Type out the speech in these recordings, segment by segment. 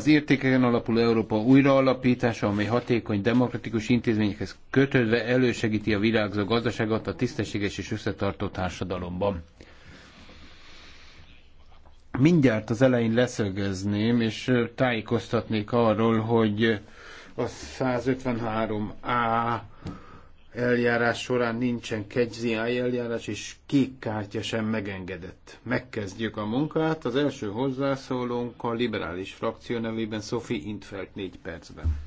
Az értékeken alapuló Európa újraalapítása, amely hatékony demokratikus intézményekhez kötődve elősegíti a virágzó gazdaságot a tisztességes és összetartó társadalomban. Mindjárt az elején leszögezném, és tájékoztatnék arról, hogy a 153A eljárás során nincsen kegyzi eljárás, és kék kártya sem megengedett. Megkezdjük a munkát. Az első hozzászólónk a liberális frakció nevében Sophie Intfeld négy percben.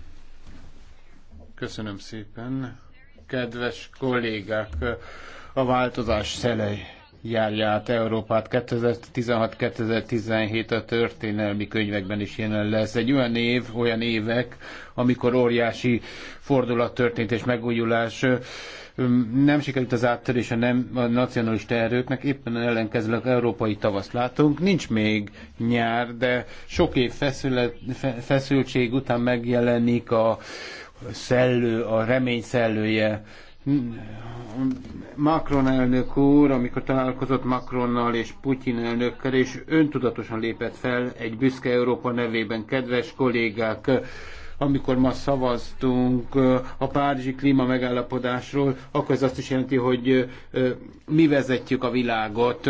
Köszönöm szépen. Kedves kollégák, a változás szelei járja át Európát. 2016-2017 a történelmi könyvekben is jelen lesz. Egy olyan év, olyan évek, amikor óriási fordulat történt és megújulás nem sikerült az áttörés a, nem, a nacionalista erőknek, éppen ellenkezőleg európai tavaszt látunk. Nincs még nyár, de sok év feszület, feszültség után megjelenik a szellő, a remény szellője Macron elnök úr, amikor találkozott Macronnal és Putyin elnökkel, és öntudatosan lépett fel egy büszke Európa nevében, kedves kollégák, amikor ma szavaztunk a Párizsi klíma megállapodásról, akkor ez azt is jelenti, hogy mi vezetjük a világot.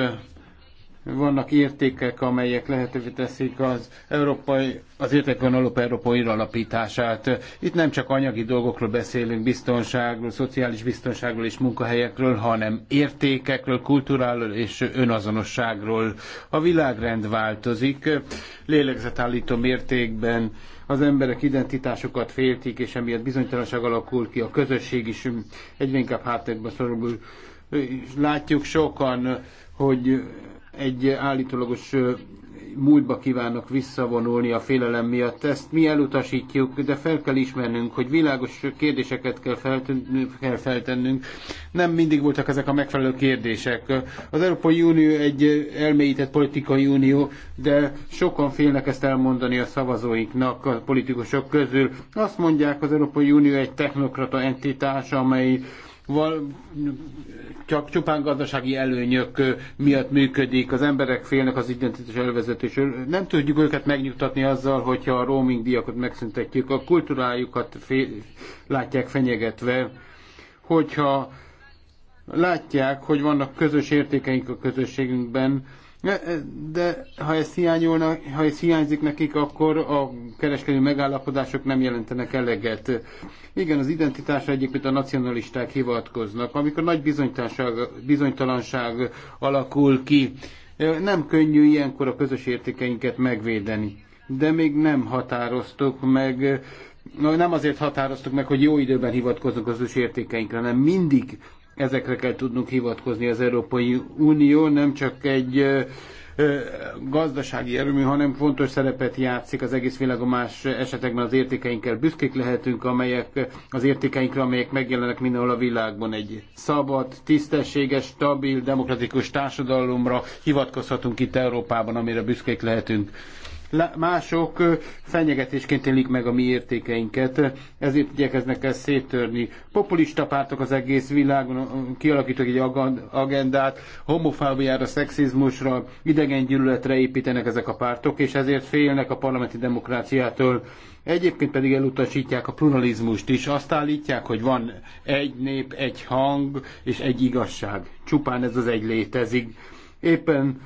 Vannak értékek, amelyek lehetővé teszik az, európai, az értékben alap európai alapítását. Itt nem csak anyagi dolgokról beszélünk, biztonságról, szociális biztonságról és munkahelyekről, hanem értékekről, kulturálról és önazonosságról. A világrend változik, lélegzetállító mértékben az emberek identitásukat féltik, és emiatt bizonytalanság alakul ki, a közösség is egyre inkább háttérbe szorul. Látjuk sokan, hogy egy állítólagos múltba kívánnak visszavonulni a félelem miatt. Ezt mi elutasítjuk, de fel kell ismernünk, hogy világos kérdéseket kell, feltűn- kell feltennünk. Nem mindig voltak ezek a megfelelő kérdések. Az Európai Unió egy elmélyített politikai unió, de sokan félnek ezt elmondani a szavazóiknak, a politikusok közül. Azt mondják, az Európai Unió egy technokrata entitás, amely csak csupán gazdasági előnyök miatt működik, az emberek félnek az identitás elvezetésről. Nem tudjuk őket megnyugtatni azzal, hogyha a roaming díjakat megszüntetjük, a kultúrájukat fél, látják fenyegetve, hogyha látják, hogy vannak közös értékeink a közösségünkben, de ha ez, hiányolna, ha ez hiányzik nekik, akkor a kereskedő megállapodások nem jelentenek eleget. Igen, az identitásra egyébként a nacionalisták hivatkoznak. Amikor nagy bizonytalanság, bizonytalanság alakul ki, nem könnyű ilyenkor a közös értékeinket megvédeni. De még nem határoztuk meg, nem azért határoztuk meg, hogy jó időben hivatkozunk az ős értékeinkre, hanem mindig Ezekre kell tudnunk hivatkozni az Európai Unió, nem csak egy gazdasági erőmű, hanem fontos szerepet játszik az egész világon más esetekben az értékeinkkel. Büszkék lehetünk amelyek, az értékeinkre, amelyek megjelenek mindenhol a világban. Egy szabad, tisztességes, stabil, demokratikus társadalomra hivatkozhatunk itt Európában, amire büszkék lehetünk mások fenyegetésként élik meg a mi értékeinket, ezért igyekeznek ezt széttörni. Populista pártok az egész világon kialakítok egy agendát, homofóbiára, szexizmusra, idegen gyűlöletre építenek ezek a pártok, és ezért félnek a parlamenti demokráciától. Egyébként pedig elutasítják a pluralizmust is. Azt állítják, hogy van egy nép, egy hang és egy igazság. Csupán ez az egy létezik. Éppen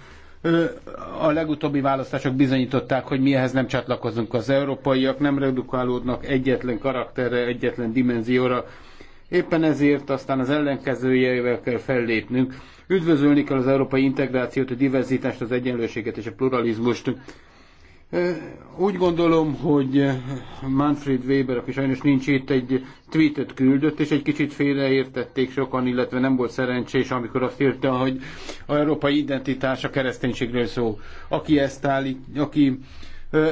a legutóbbi választások bizonyították, hogy mi ehhez nem csatlakozunk. Az európaiak nem redukálódnak egyetlen karakterre, egyetlen dimenzióra. Éppen ezért aztán az ellenkezőjével kell fellépnünk. Üdvözölni kell az európai integrációt, a diverzitást, az egyenlőséget és a pluralizmust. Úgy gondolom, hogy Manfred Weber, aki sajnos nincs itt, egy tweetet küldött, és egy kicsit félreértették sokan, illetve nem volt szerencsés, amikor azt írta, hogy a európai identitás a kereszténységről szó. Aki ezt állít, aki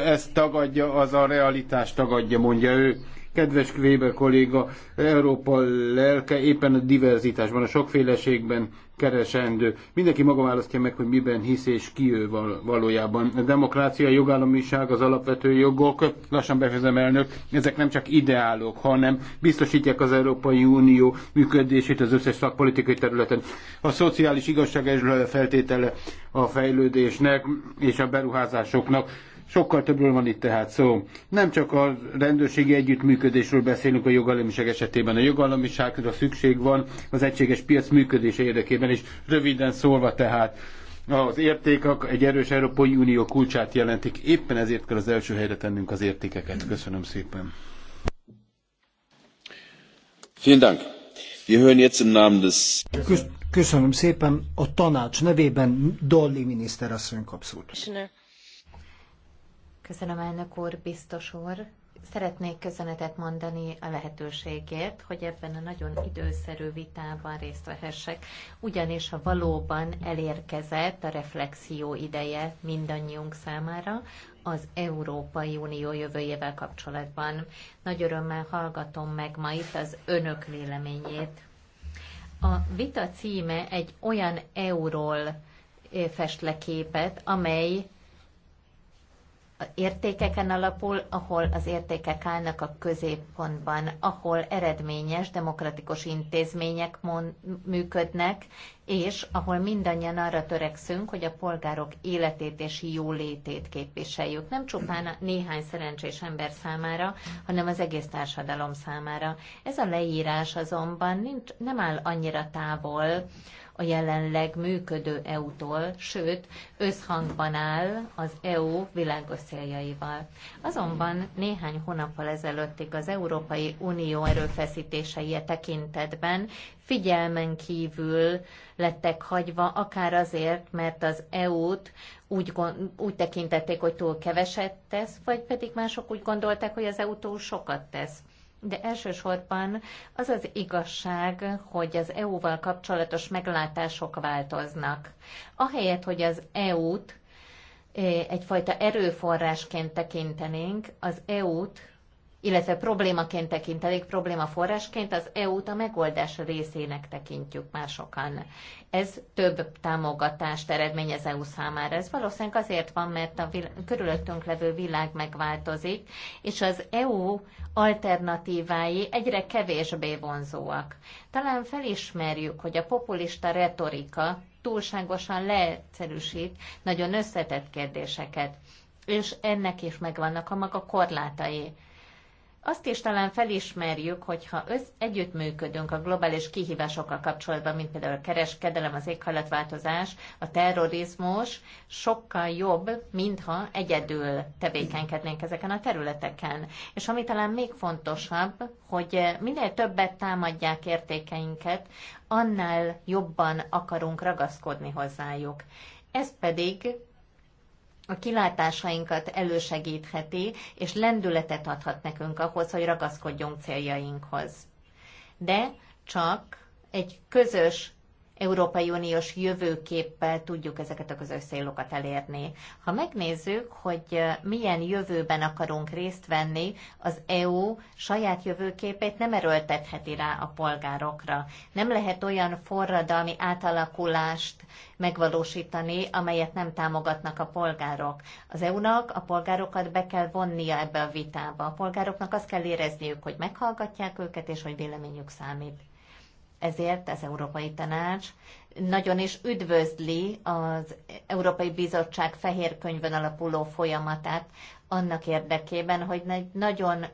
ezt tagadja, az a realitást tagadja, mondja ő. Kedves Kvéber kolléga, Európa lelke éppen a diverzitásban, a sokféleségben keresendő. Mindenki maga választja meg, hogy miben hisz és ki ő valójában. A demokrácia, a jogállamiság, az alapvető jogok, lassan befejezem elnök, ezek nem csak ideálok, hanem biztosítják az Európai Unió működését az összes szakpolitikai területen. A szociális igazság feltétele a fejlődésnek és a beruházásoknak Sokkal többről van itt tehát szó. Nem csak a rendőrségi együttműködésről beszélünk a jogállamiság esetében. A jogállamiságra szükség van az egységes piac működése érdekében, és röviden szólva tehát az értékek egy erős Európai Unió kulcsát jelentik. Éppen ezért kell az első helyre tennünk az értékeket. Köszönöm szépen. Köszönöm szépen. A tanács nevében Dolly miniszter asszony szót. Köszönöm, elnök úr, biztos úr. Szeretnék köszönetet mondani a lehetőségért, hogy ebben a nagyon időszerű vitában részt vehessek, ugyanis ha valóban elérkezett a reflexió ideje mindannyiunk számára az Európai Unió jövőjével kapcsolatban. Nagy örömmel hallgatom meg ma itt az önök véleményét. A vita címe egy olyan euról eh, fest le képet, amely értékeken alapul, ahol az értékek állnak a középpontban, ahol eredményes demokratikus intézmények működnek, és ahol mindannyian arra törekszünk, hogy a polgárok életét és jólétét képviseljük. Nem csupán a néhány szerencsés ember számára, hanem az egész társadalom számára. Ez a leírás azonban nincs, nem áll annyira távol a jelenleg működő EU-tól, sőt, összhangban áll az EU világos céljaival. Azonban néhány hónappal ezelőttig az Európai Unió erőfeszítései tekintetben figyelmen kívül lettek hagyva, akár azért, mert az EU-t úgy, úgy tekintették, hogy túl keveset tesz, vagy pedig mások úgy gondolták, hogy az EU túl sokat tesz de elsősorban az az igazság, hogy az EU-val kapcsolatos meglátások változnak. Ahelyett, hogy az EU-t eh, egyfajta erőforrásként tekintenénk, az EU-t illetve problémaként tekintelik, probléma forrásként az EU-t a megoldás részének tekintjük már sokan. Ez több támogatást eredményez EU számára. Ez valószínűleg azért van, mert a vil- körülöttünk levő világ megváltozik, és az EU alternatívái egyre kevésbé vonzóak. Talán felismerjük, hogy a populista retorika túlságosan leegyszerűsít nagyon összetett kérdéseket és ennek is megvannak a maga korlátai. Azt is talán felismerjük, hogyha össz együttműködünk a globális kihívásokkal kapcsolatban, mint például a kereskedelem, az éghajlatváltozás, a terrorizmus, sokkal jobb, mintha egyedül tevékenykednénk ezeken a területeken. És ami talán még fontosabb, hogy minél többet támadják értékeinket, annál jobban akarunk ragaszkodni hozzájuk. Ez pedig a kilátásainkat elősegítheti, és lendületet adhat nekünk ahhoz, hogy ragaszkodjunk céljainkhoz. De csak egy közös Európai Uniós jövőképpel tudjuk ezeket a közös célokat elérni. Ha megnézzük, hogy milyen jövőben akarunk részt venni, az EU saját jövőképét nem erőltetheti rá a polgárokra. Nem lehet olyan forradalmi átalakulást megvalósítani, amelyet nem támogatnak a polgárok. Az EU-nak a polgárokat be kell vonnia ebbe a vitába. A polgároknak azt kell érezniük, hogy meghallgatják őket, és hogy véleményük számít. Ezért az Európai Tanács nagyon is üdvözli az Európai Bizottság fehér könyvön alapuló folyamatát annak érdekében, hogy egy nagyon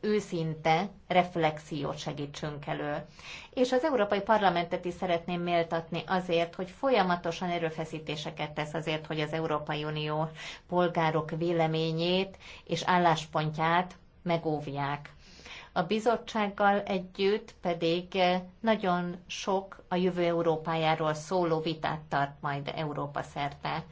őszinte reflexiót segítsünk elő. És az Európai Parlamentet is szeretném méltatni azért, hogy folyamatosan erőfeszítéseket tesz azért, hogy az Európai Unió polgárok véleményét és álláspontját megóvják. A bizottsággal együtt pedig eh, nagyon sok a jövő Európájáról szóló vitát tart majd Európa szerte.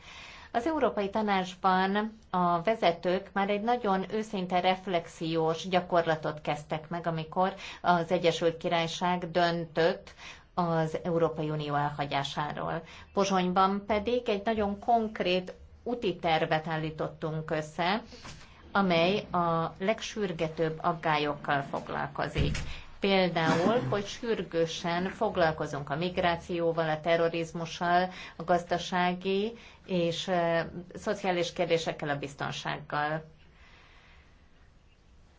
Az Európai Tanácsban a vezetők már egy nagyon őszinte reflexiós gyakorlatot kezdtek meg, amikor az Egyesült Királyság döntött az Európai Unió elhagyásáról. Pozsonyban pedig egy nagyon konkrét úti tervet állítottunk össze, amely a legsürgetőbb aggályokkal foglalkozik. Például, hogy sürgősen foglalkozunk a migrációval, a terrorizmussal, a gazdasági és eh, szociális kérdésekkel, a biztonsággal.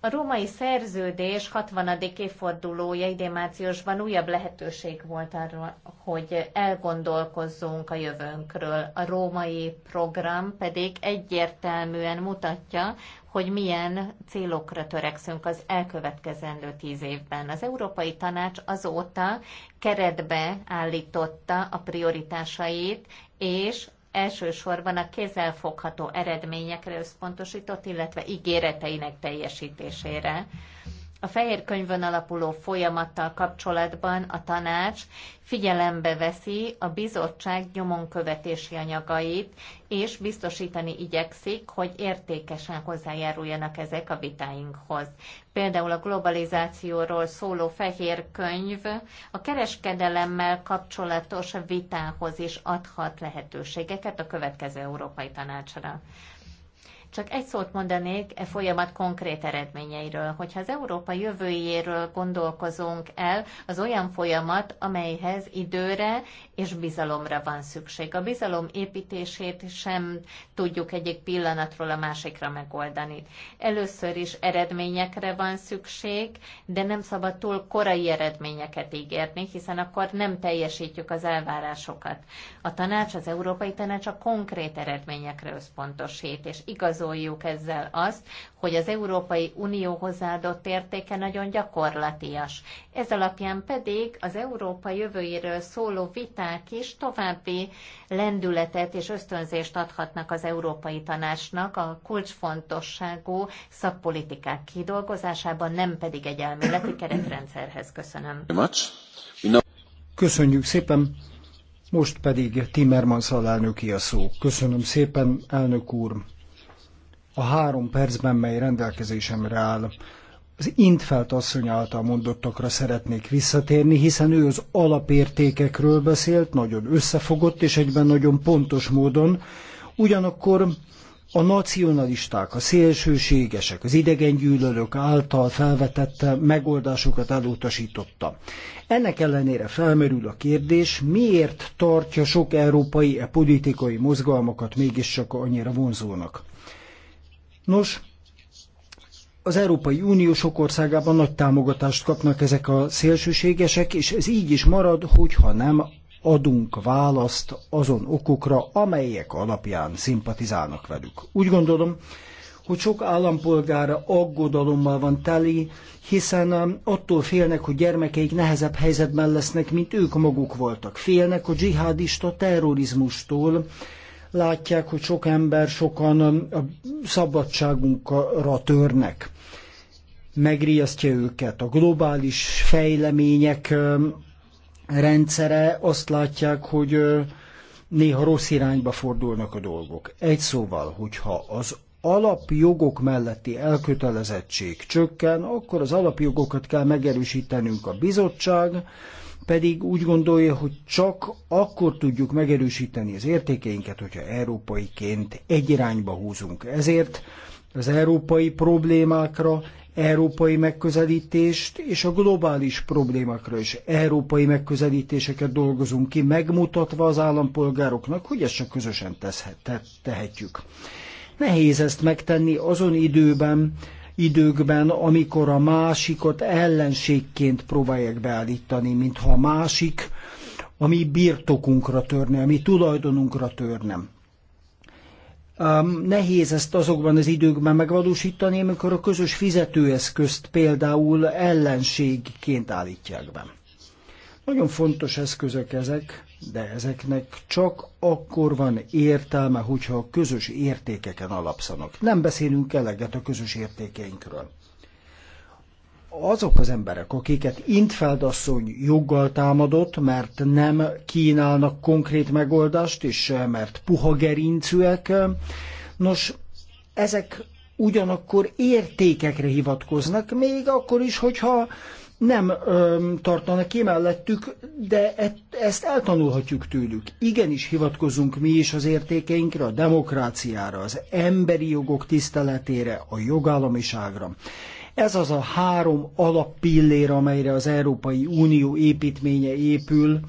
A római szerződés 60. évfordulója idén márciusban újabb lehetőség volt arra, hogy elgondolkozzunk a jövőnkről. A római program pedig egyértelműen mutatja, hogy milyen célokra törekszünk az elkövetkezendő tíz évben. Az Európai Tanács azóta keretbe állította a prioritásait, és elsősorban a kézzelfogható eredményekre összpontosított, illetve ígéreteinek teljesítésére a fehér könyvön alapuló folyamattal kapcsolatban a tanács figyelembe veszi a bizottság nyomon követési anyagait, és biztosítani igyekszik, hogy értékesen hozzájáruljanak ezek a vitáinkhoz. Például a globalizációról szóló fehér könyv a kereskedelemmel kapcsolatos vitához is adhat lehetőségeket a következő Európai Tanácsra. Csak egy szót mondanék e folyamat konkrét eredményeiről. Hogyha az Európa jövőjéről gondolkozunk el, az olyan folyamat, amelyhez időre és bizalomra van szükség. A bizalom építését sem tudjuk egyik pillanatról a másikra megoldani. Először is eredményekre van szükség, de nem szabad túl korai eredményeket ígérni, hiszen akkor nem teljesítjük az elvárásokat. A tanács, az Európai Tanács a konkrét eredményekre összpontosít, és igaz igazoljuk ezzel azt, hogy az Európai Unió hozzáadott értéke nagyon gyakorlatias. Ez alapján pedig az Európa jövőjéről szóló viták is további lendületet és ösztönzést adhatnak az Európai Tanácsnak a kulcsfontosságú szakpolitikák kidolgozásában, nem pedig egy elméleti keretrendszerhez. Köszönöm. Köszönjük szépen! Most pedig Timmermans alelnöki a szó. Köszönöm szépen, elnök úr! a három percben, mely rendelkezésemre áll. Az Intfelt asszony által mondottakra szeretnék visszatérni, hiszen ő az alapértékekről beszélt, nagyon összefogott és egyben nagyon pontos módon. Ugyanakkor a nacionalisták, a szélsőségesek, az idegengyűlölők által felvetette megoldásokat elutasította. Ennek ellenére felmerül a kérdés, miért tartja sok európai e politikai mozgalmakat mégiscsak annyira vonzónak. Nos, az Európai Unió sok országában nagy támogatást kapnak ezek a szélsőségesek, és ez így is marad, hogyha nem adunk választ azon okokra, amelyek alapján szimpatizálnak velük. Úgy gondolom, hogy sok állampolgára aggodalommal van teli, hiszen um, attól félnek, hogy gyermekeik nehezebb helyzetben lesznek, mint ők maguk voltak. Félnek a dzsihádista terrorizmustól, látják, hogy sok ember, sokan a szabadságunkra törnek. Megriasztja őket. A globális fejlemények rendszere azt látják, hogy néha rossz irányba fordulnak a dolgok. Egy szóval, hogyha az alapjogok melletti elkötelezettség csökken, akkor az alapjogokat kell megerősítenünk a bizottság, pedig úgy gondolja, hogy csak akkor tudjuk megerősíteni az értékeinket, hogyha európaiként egy irányba húzunk. Ezért az európai problémákra európai megközelítést, és a globális problémákra is európai megközelítéseket dolgozunk ki, megmutatva az állampolgároknak, hogy ezt csak közösen tehetjük. Nehéz ezt megtenni azon időben, időkben, amikor a másikat ellenségként próbálják beállítani, mintha a másik a mi birtokunkra törne, a mi tulajdonunkra törne. nehéz ezt azokban az időkben megvalósítani, amikor a közös fizetőeszközt például ellenségként állítják be. Nagyon fontos eszközök ezek, de ezeknek csak akkor van értelme, hogyha a közös értékeken alapszanak. Nem beszélünk eleget a közös értékeinkről. Azok az emberek, akiket Intfeld asszony joggal támadott, mert nem kínálnak konkrét megoldást, és mert puha gerincűek, nos, ezek ugyanakkor értékekre hivatkoznak, még akkor is, hogyha nem öm, tartanak ki mellettük, de ezt eltanulhatjuk tőlük. Igenis hivatkozunk mi is az értékeinkre, a demokráciára, az emberi jogok tiszteletére, a jogállamiságra. Ez az a három alappillér, amelyre az Európai Unió építménye épül.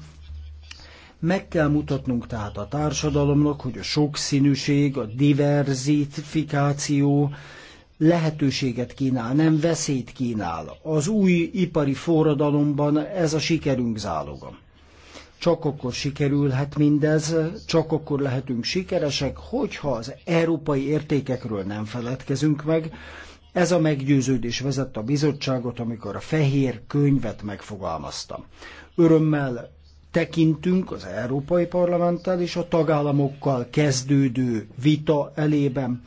Meg kell mutatnunk tehát a társadalomnak, hogy a sokszínűség, a diverzifikáció, lehetőséget kínál, nem veszélyt kínál. Az új ipari forradalomban ez a sikerünk záloga. Csak akkor sikerülhet mindez, csak akkor lehetünk sikeresek, hogyha az európai értékekről nem feledkezünk meg. Ez a meggyőződés vezette a bizottságot, amikor a fehér könyvet megfogalmazta. Örömmel tekintünk az Európai Parlamenttel és a tagállamokkal kezdődő vita elében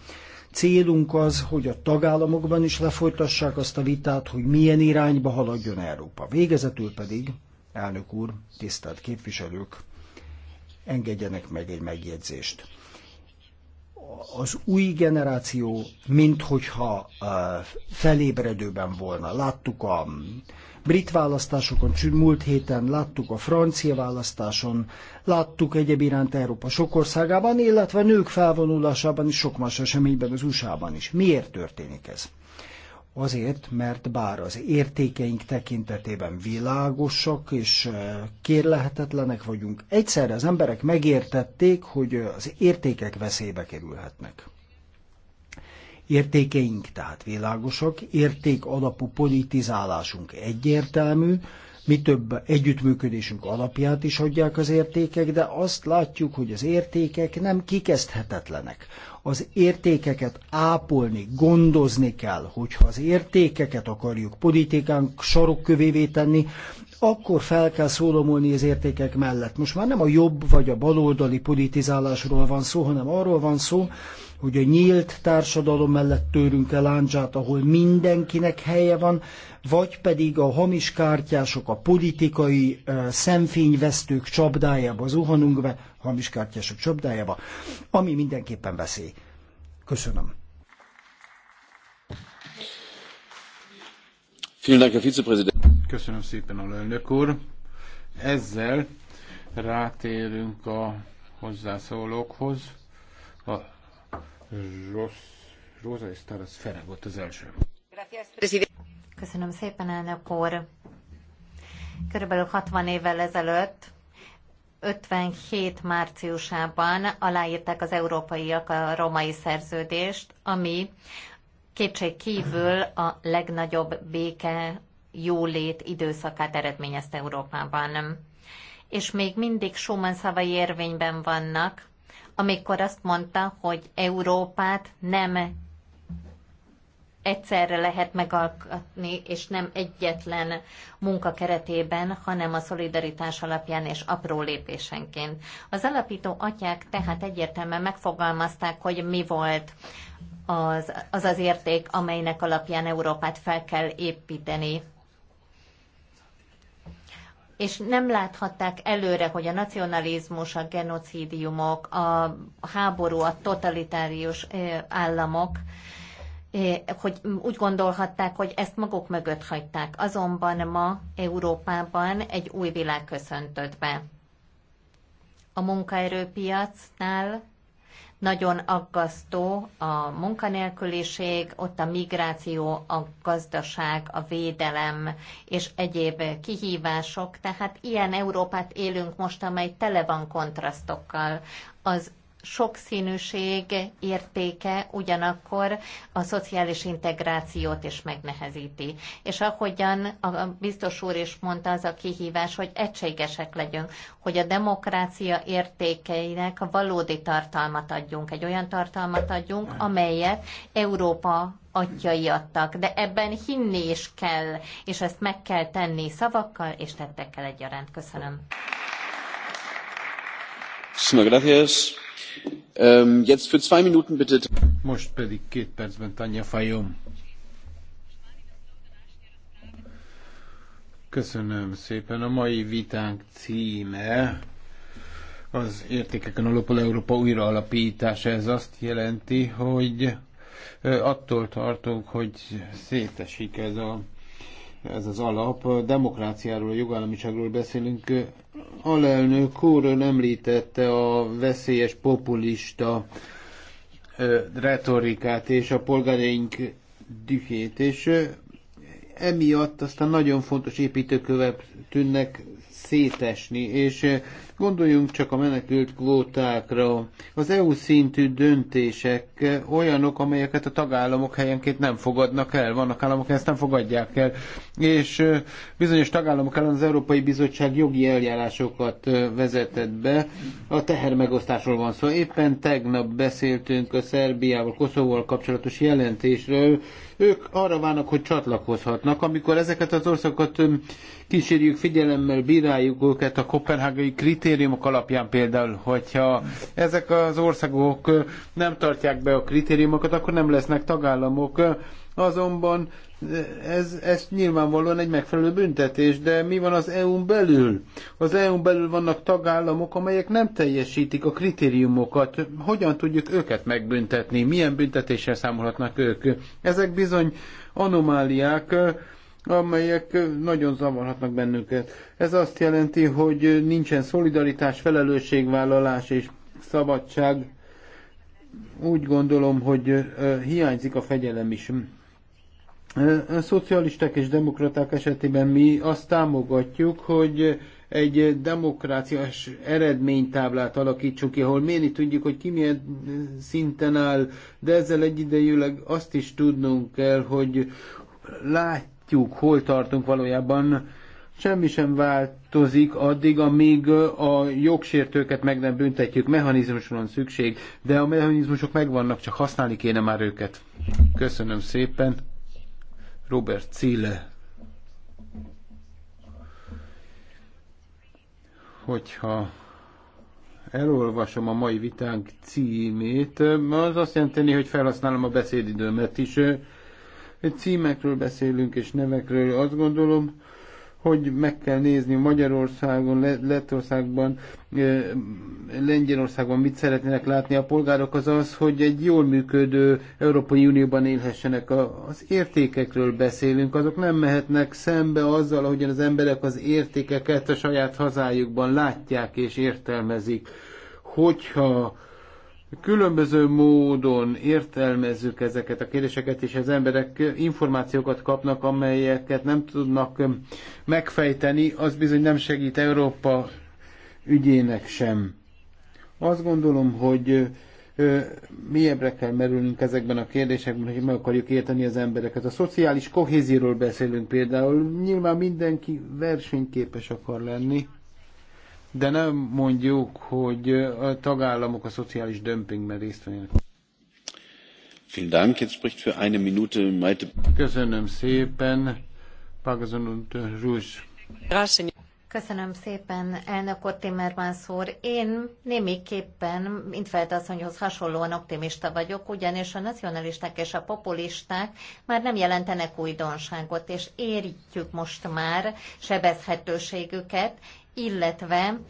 Célunk az, hogy a tagállamokban is lefolytassák azt a vitát, hogy milyen irányba haladjon Európa. Végezetül pedig, elnök úr, tisztelt képviselők, engedjenek meg egy megjegyzést. Az új generáció, minthogyha eh, felébredőben volna. Láttuk a brit választásokon, múlt héten láttuk a francia választáson, láttuk egyéb iránt Európa sok országában, illetve a nők felvonulásában is sok más eseményben az USA-ban is. Miért történik ez? Azért, mert bár az értékeink tekintetében világosak és eh, kérlehetetlenek vagyunk, egyszerre az emberek megértették, hogy az értékek veszélybe kerülhetnek. Értékeink tehát világosak, érték alapú politizálásunk egyértelmű, mi több együttműködésünk alapját is adják az értékek, de azt látjuk, hogy az értékek nem kikezdhetetlenek. Az értékeket ápolni, gondozni kell, hogyha az értékeket akarjuk politikánk sarokkövévé tenni, akkor fel kell szólamolni az értékek mellett. Most már nem a jobb vagy a baloldali politizálásról van szó, hanem arról van szó, hogy a nyílt társadalom mellett törünk el áncsát, ahol mindenkinek helye van, vagy pedig a hamis kártyások, a politikai uh, szemfényvesztők csapdájába zuhanunk be, hamis kártyások csapdájába, ami mindenképpen veszély. Köszönöm. Köszönöm szépen, alelnök úr. Ezzel rátérünk a hozzászólókhoz. A rossz, és Taras volt az első. Köszönöm szépen, elnök úr. Körülbelül 60 évvel ezelőtt 57 márciusában aláírták az európaiak a romai szerződést, ami kétség kívül a legnagyobb béke jólét időszakát eredményezte Európában. És még mindig Schumann szavai érvényben vannak, amikor azt mondta, hogy Európát nem egyszerre lehet megalkotni, és nem egyetlen munka keretében, hanem a szolidaritás alapján és apró lépésenként. Az alapító atyák tehát egyértelműen megfogalmazták, hogy mi volt az, az az érték, amelynek alapján Európát fel kell építeni. És nem láthatták előre, hogy a nacionalizmus, a genocidiumok, a háború, a totalitárius államok, hogy úgy gondolhatták, hogy ezt maguk mögött hagyták. Azonban ma Európában egy új világ köszöntött be. A munkaerőpiacnál nagyon aggasztó a munkanélküliség, ott a migráció, a gazdaság, a védelem és egyéb kihívások. Tehát ilyen Európát élünk most, amely tele van kontrasztokkal. Az sokszínűség értéke ugyanakkor a szociális integrációt is megnehezíti. És ahogyan a biztos úr is mondta, az a kihívás, hogy egységesek legyünk, hogy a demokrácia értékeinek a valódi tartalmat adjunk, egy olyan tartalmat adjunk, amelyet Európa atyai adtak, de ebben hinni is kell, és ezt meg kell tenni szavakkal és tettekkel egyaránt. Köszönöm. Köszönöm, Ähm, jetzt für zwei Minuten bitte. Most pedig két percben Tanja Fajom. Köszönöm szépen. A mai vitánk címe az értékeken alapul Európa újraalapítása. Ez azt jelenti, hogy attól tartunk, hogy szétesik ez a ez az alap. Demokráciáról, a jogállamiságról beszélünk, alelnök úr ön említette a veszélyes populista ö, retorikát és a polgáraink dühét, és ö, emiatt aztán nagyon fontos építőkövek tűnnek szétesni, és Gondoljunk csak a menekült kvótákra. Az EU szintű döntések olyanok, amelyeket a tagállamok helyenként nem fogadnak el. Vannak államok, ezt nem fogadják el. És bizonyos tagállamok ellen az Európai Bizottság jogi eljárásokat vezetett be. A tehermegosztásról van szó. Éppen tegnap beszéltünk a Szerbiával, Koszovóval kapcsolatos jelentésről. Ők arra várnak, hogy csatlakozhatnak. Amikor ezeket az országokat kísérjük figyelemmel, bíráljuk őket a kopenhágai kritériumokat, kritériumok alapján például, hogyha ezek az országok nem tartják be a kritériumokat, akkor nem lesznek tagállamok. Azonban ez, ez nyilvánvalóan egy megfelelő büntetés, de mi van az EU-n belül? Az EU-n belül vannak tagállamok, amelyek nem teljesítik a kritériumokat. Hogyan tudjuk őket megbüntetni? Milyen büntetéssel számolhatnak ők? Ezek bizony anomáliák, amelyek nagyon zavarhatnak bennünket. Ez azt jelenti, hogy nincsen szolidaritás, felelősségvállalás és szabadság. Úgy gondolom, hogy hiányzik a fegyelem is. A szocialisták és demokraták esetében mi azt támogatjuk, hogy egy demokráciás eredménytáblát alakítsunk ki, ahol mérni tudjuk, hogy ki milyen szinten áll, de ezzel egyidejűleg azt is tudnunk kell, hogy látjuk, látjuk, hol tartunk valójában, semmi sem változik addig, amíg a jogsértőket meg nem büntetjük. Mechanizmusra van szükség, de a mechanizmusok megvannak, csak használni kéne már őket. Köszönöm szépen. Robert Cille. Hogyha elolvasom a mai vitánk címét, az azt jelenti, hogy felhasználom a beszédidőmet is címekről beszélünk és nevekről. Azt gondolom, hogy meg kell nézni Magyarországon, Lettországban, Lengyelországban mit szeretnének látni a polgárok, az az, hogy egy jól működő Európai Unióban élhessenek. Az értékekről beszélünk, azok nem mehetnek szembe azzal, ahogyan az emberek az értékeket a saját hazájukban látják és értelmezik. Hogyha Különböző módon értelmezzük ezeket a kérdéseket, és az emberek információkat kapnak, amelyeket nem tudnak megfejteni, az bizony nem segít Európa ügyének sem. Azt gondolom, hogy mélyebbre kell merülnünk ezekben a kérdésekben, hogy meg akarjuk érteni az embereket. A szociális kohézióról beszélünk például. Nyilván mindenki versenyképes akar lenni, de nem mondjuk, hogy a tagállamok a szociális dömpingben részt vennének. Köszönöm szépen. Pagazon Rúzs. Köszönöm szépen, elnök úr Timmermans úr. Én némiképpen mint asszonyhoz hasonlóan optimista vagyok, ugyanis a nacionalisták és a populisták már nem jelentenek újdonságot, és érítjük most már sebezhetőségüket, illetve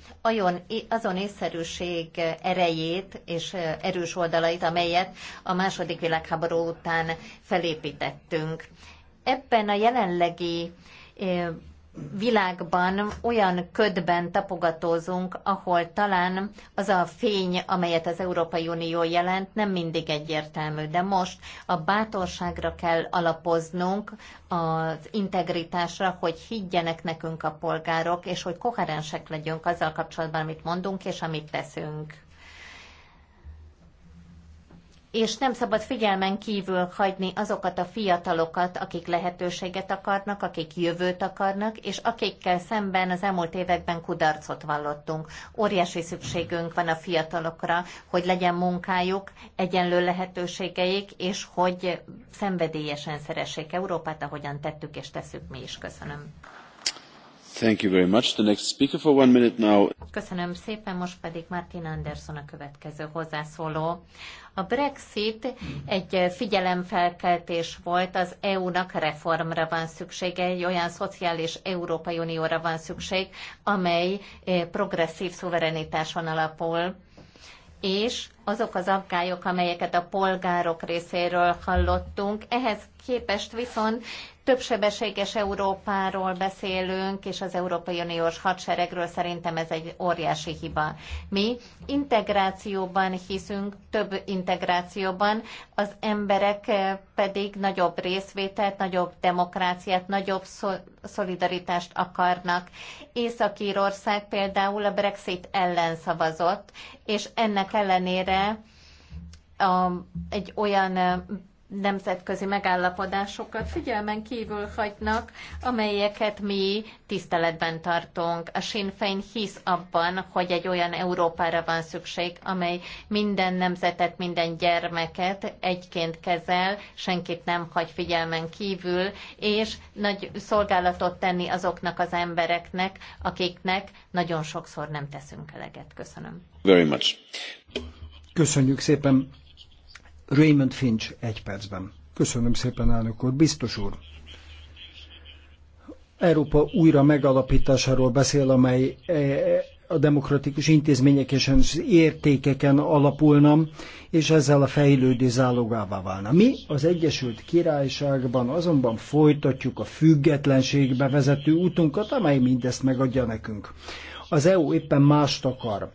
azon észszerűség erejét és erős oldalait, amelyet a második világháború után felépítettünk. Ebben a jelenlegi világban olyan ködben tapogatózunk, ahol talán az a fény, amelyet az Európai Unió jelent, nem mindig egyértelmű. De most a bátorságra kell alapoznunk, az integritásra, hogy higgyenek nekünk a polgárok, és hogy koherensek legyünk azzal kapcsolatban, amit mondunk és amit teszünk és nem szabad figyelmen kívül hagyni azokat a fiatalokat, akik lehetőséget akarnak, akik jövőt akarnak, és akikkel szemben az elmúlt években kudarcot vallottunk. Óriási szükségünk van a fiatalokra, hogy legyen munkájuk, egyenlő lehetőségeik, és hogy szenvedélyesen szeressék Európát, ahogyan tettük és tesszük mi is. Köszönöm. Thank you very much. The next speaker for one minute now. Köszönöm szépen, most pedig Martin Anderson a következő hozzászóló. A Brexit egy figyelemfelkeltés volt, az EU-nak reformra van szüksége, egy olyan szociális Európai Unióra van szükség, amely eh, progresszív szuverenitáson alapul, és azok az aggályok, amelyeket a polgárok részéről hallottunk. Ehhez képest viszont többsebességes Európáról beszélünk, és az Európai Uniós hadseregről szerintem ez egy óriási hiba. Mi integrációban hiszünk, több integrációban, az emberek eh, pedig nagyobb részvételt, nagyobb demokráciát, nagyobb szol- szolidaritást akarnak. Észak-Írország például a Brexit ellen szavazott, és ennek ellenére be a, egy olyan nemzetközi megállapodásokat figyelmen kívül hagynak, amelyeket mi tiszteletben tartunk. A Sinn Féin hisz abban, hogy egy olyan Európára van szükség, amely minden nemzetet, minden gyermeket egyként kezel, senkit nem hagy figyelmen kívül, és nagy szolgálatot tenni azoknak az embereknek, akiknek nagyon sokszor nem teszünk eleget. Köszönöm. Very much. Köszönjük szépen. Raymond Finch egy percben. Köszönöm szépen, elnök úr. Biztos úr. Európa újra megalapításáról beszél, amely e, a demokratikus intézmények és az értékeken alapulna, és ezzel a fejlődés zálogává válna. Mi az Egyesült Királyságban azonban folytatjuk a függetlenségbe vezető útunkat, amely mindezt megadja nekünk. Az EU éppen mást akar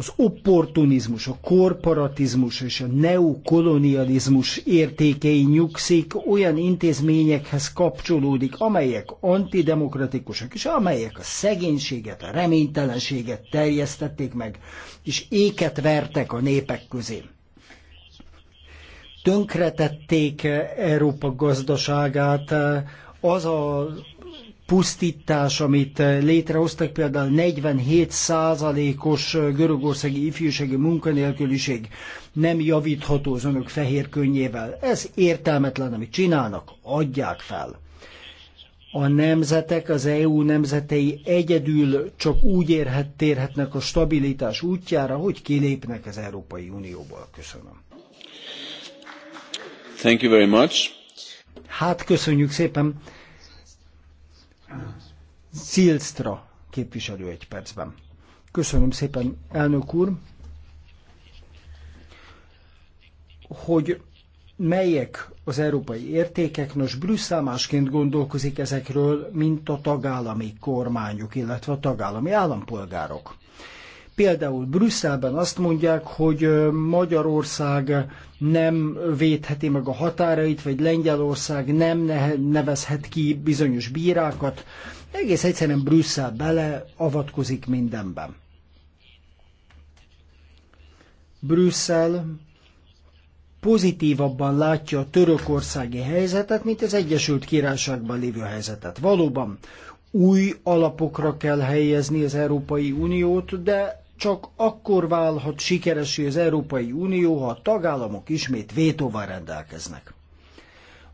az opportunizmus, a korporatizmus és a neokolonializmus értékei nyugszik, olyan intézményekhez kapcsolódik, amelyek antidemokratikusak, és amelyek a szegénységet, a reménytelenséget terjesztették meg, és éket vertek a népek közé. Tönkretették Európa gazdaságát, az a pusztítás, amit eh, létrehoztak, például 47 százalékos eh, görögországi ifjúsági munkanélküliség nem javítható az önök fehér könnyével. Ez értelmetlen, amit csinálnak, adják fel. A nemzetek, az EU nemzetei egyedül csak úgy érhet, térhetnek a stabilitás útjára, hogy kilépnek az Európai Unióból. Köszönöm. Thank you very much. Hát köszönjük szépen. Szilztra képviselő egy percben. Köszönöm szépen, elnök úr, hogy melyek az európai értékek, nos Brüsszel másként gondolkozik ezekről, mint a tagállami kormányok, illetve a tagállami állampolgárok. Például Brüsszelben azt mondják, hogy Magyarország nem védheti meg a határait, vagy Lengyelország nem nevezhet ki bizonyos bírákat. Egész egyszerűen Brüsszel beleavatkozik mindenben. Brüsszel pozitívabban látja a törökországi helyzetet, mint az Egyesült Királyságban lévő helyzetet. Valóban új alapokra kell helyezni az Európai Uniót, de csak akkor válhat sikeresé az Európai Unió, ha a tagállamok ismét vétóval rendelkeznek.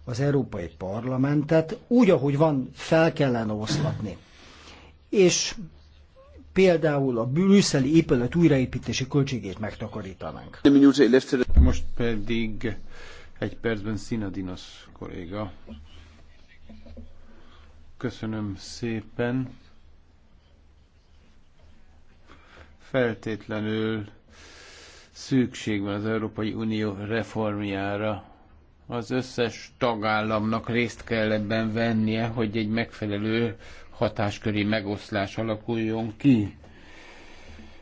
Az Európai Parlamentet úgy, ahogy van, fel kellene oszlatni. És például a bűszeli épület újraépítési költségét megtakarítanánk. Most pedig egy percben Sinadinos kolléga. Köszönöm szépen. feltétlenül szükség van az Európai Unió reformjára. Az összes tagállamnak részt kell ebben vennie, hogy egy megfelelő hatásköri megoszlás alakuljon ki.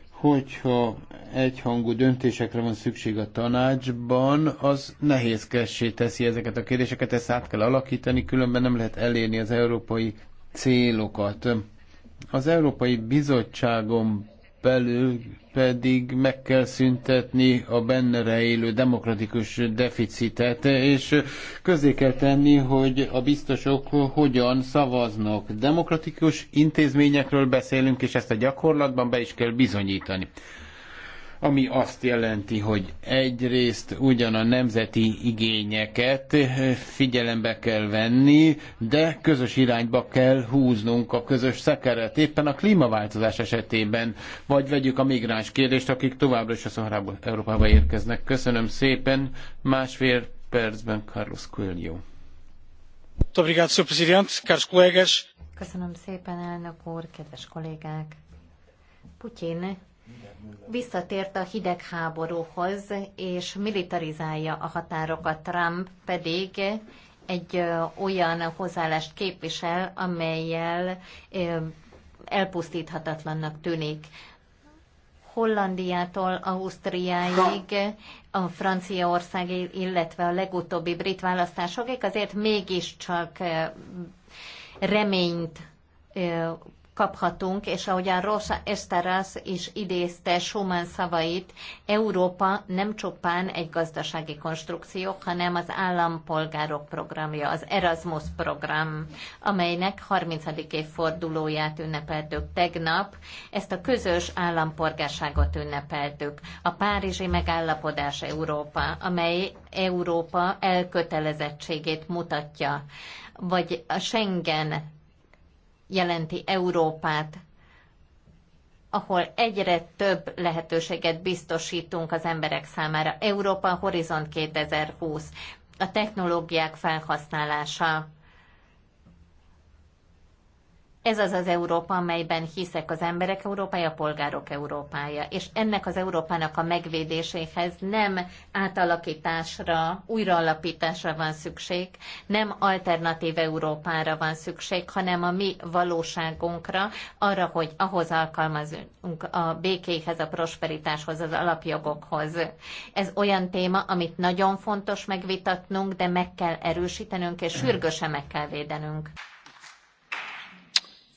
Hogyha egyhangú döntésekre van szükség a tanácsban, az nehézkessé teszi ezeket a kérdéseket, ezt át kell alakítani, különben nem lehet elérni az európai célokat. Az Európai Bizottságon belül pedig meg kell szüntetni a benne rejlő demokratikus deficitet, és közé kell tenni, hogy a biztosok hogyan szavaznak. Demokratikus intézményekről beszélünk, és ezt a gyakorlatban be is kell bizonyítani ami azt jelenti, hogy egyrészt ugyan a nemzeti igényeket figyelembe kell venni, de közös irányba kell húznunk a közös szekeret, éppen a klímaváltozás esetében, vagy vegyük a migráns kérdést, akik továbbra is a Szaharába Európába érkeznek. Köszönöm szépen, másfél percben Carlos Coelho. Köszönöm szépen, elnök úr, kedves kollégák! Putyin visszatért a hidegháborúhoz, és militarizálja a határokat. Trump pedig egy olyan hozzáállást képvisel, amelyel elpusztíthatatlannak tűnik. Hollandiától Ausztriáig, a Franciaország, illetve a legutóbbi brit választásokig azért mégiscsak reményt kaphatunk, és ahogyan Rosa Esteras is idézte Schumann szavait, Európa nem csupán egy gazdasági konstrukció, hanem az állampolgárok programja, az Erasmus program, amelynek 30. évfordulóját ünnepeltük tegnap. Ezt a közös állampolgárságot ünnepeltük. A Párizsi megállapodás Európa, amely Európa elkötelezettségét mutatja, vagy a Schengen jelenti Európát, ahol egyre több lehetőséget biztosítunk az emberek számára. Európa Horizont 2020, a technológiák felhasználása, ez az az Európa, amelyben hiszek az emberek Európája, a polgárok Európája. És ennek az Európának a megvédéséhez nem átalakításra, újraalapításra van szükség, nem alternatív Európára van szükség, hanem a mi valóságunkra, arra, hogy ahhoz alkalmazunk a békéhez, a prosperitáshoz, az alapjogokhoz. Ez olyan téma, amit nagyon fontos megvitatnunk, de meg kell erősítenünk, és sürgősen meg kell védenünk.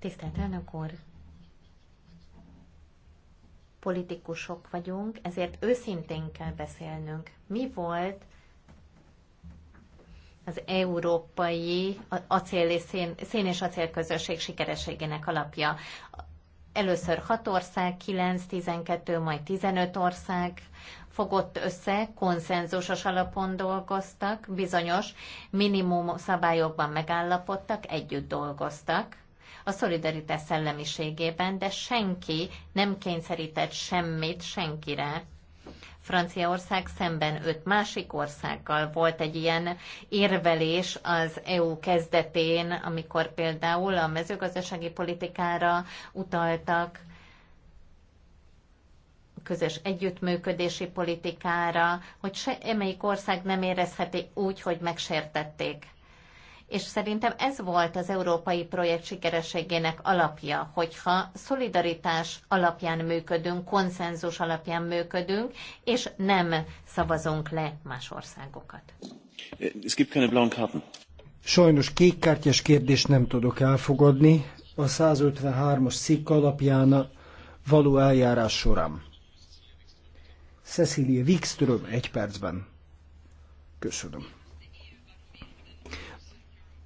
Tisztelt elnök úr! Politikusok vagyunk, ezért őszintén kell beszélnünk. Mi volt az európai acél és szén, szén és acélközösség sikerességének alapja? Először 6 ország, 9, 12, majd 15 ország fogott össze, konszenzusos alapon dolgoztak, bizonyos minimum szabályokban megállapodtak, együtt dolgoztak a szolidaritás szellemiségében, de senki nem kényszerített semmit senkire. Franciaország szemben öt másik országgal volt egy ilyen érvelés az EU kezdetén, amikor például a mezőgazdasági politikára utaltak, közös együttműködési politikára, hogy semmelyik ország nem érezheti úgy, hogy megsértették és szerintem ez volt az európai projekt sikerességének alapja, hogyha szolidaritás alapján működünk, konszenzus alapján működünk, és nem szavazunk le más országokat. Es gibt keine blauen Karten. Sajnos kékkártyás kérdést nem tudok elfogadni a 153-as cikk alapján való eljárás során. Cecilia Wikström egy percben. Köszönöm.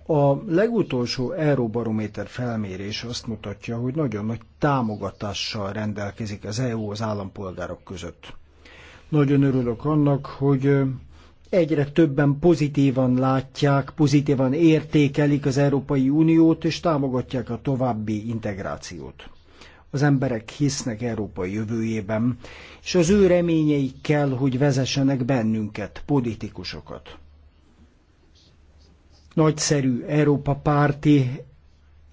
A legutolsó Euróbarométer felmérés azt mutatja, hogy nagyon nagy támogatással rendelkezik az EU az állampolgárok között. Nagyon örülök annak, hogy egyre többen pozitívan látják, pozitívan értékelik az Európai Uniót, és támogatják a további integrációt. Az emberek hisznek Európai jövőjében, és az ő reményeik kell, hogy vezessenek bennünket, politikusokat nagyszerű Európa párti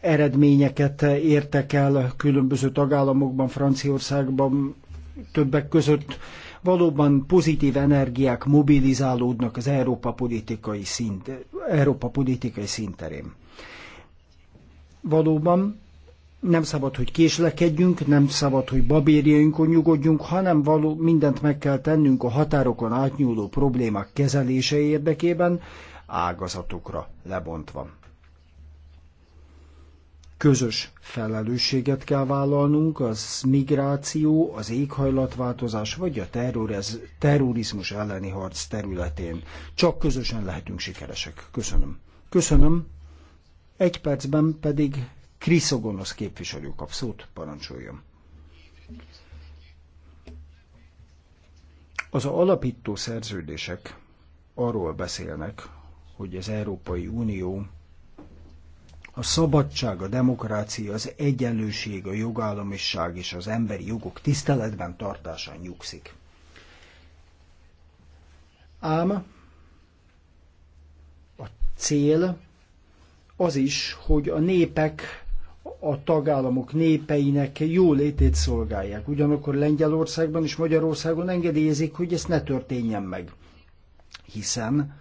eredményeket értek el különböző tagállamokban, Franciaországban, többek között. Valóban pozitív energiák mobilizálódnak az Európa politikai, szint, Európa politikai szinterén. Valóban nem szabad, hogy késlekedjünk, nem szabad, hogy babérjainkon nyugodjunk, hanem való mindent meg kell tennünk a határokon átnyúló problémák kezelése érdekében, ágazatokra lebontva. Közös felelősséget kell vállalnunk az migráció, az éghajlatváltozás vagy a terrorizmus elleni harc területén. Csak közösen lehetünk sikeresek. Köszönöm. Köszönöm. Egy percben pedig Kriszogonosz képviselő kap szót, parancsoljon. Az alapító szerződések arról beszélnek, hogy az Európai Unió a szabadság, a demokrácia, az egyenlőség, a jogállamiság és az emberi jogok tiszteletben tartásán nyugszik. Ám a cél az is, hogy a népek, a tagállamok népeinek jó létét szolgálják. Ugyanakkor Lengyelországban és Magyarországon engedélyezik, hogy ez ne történjen meg. Hiszen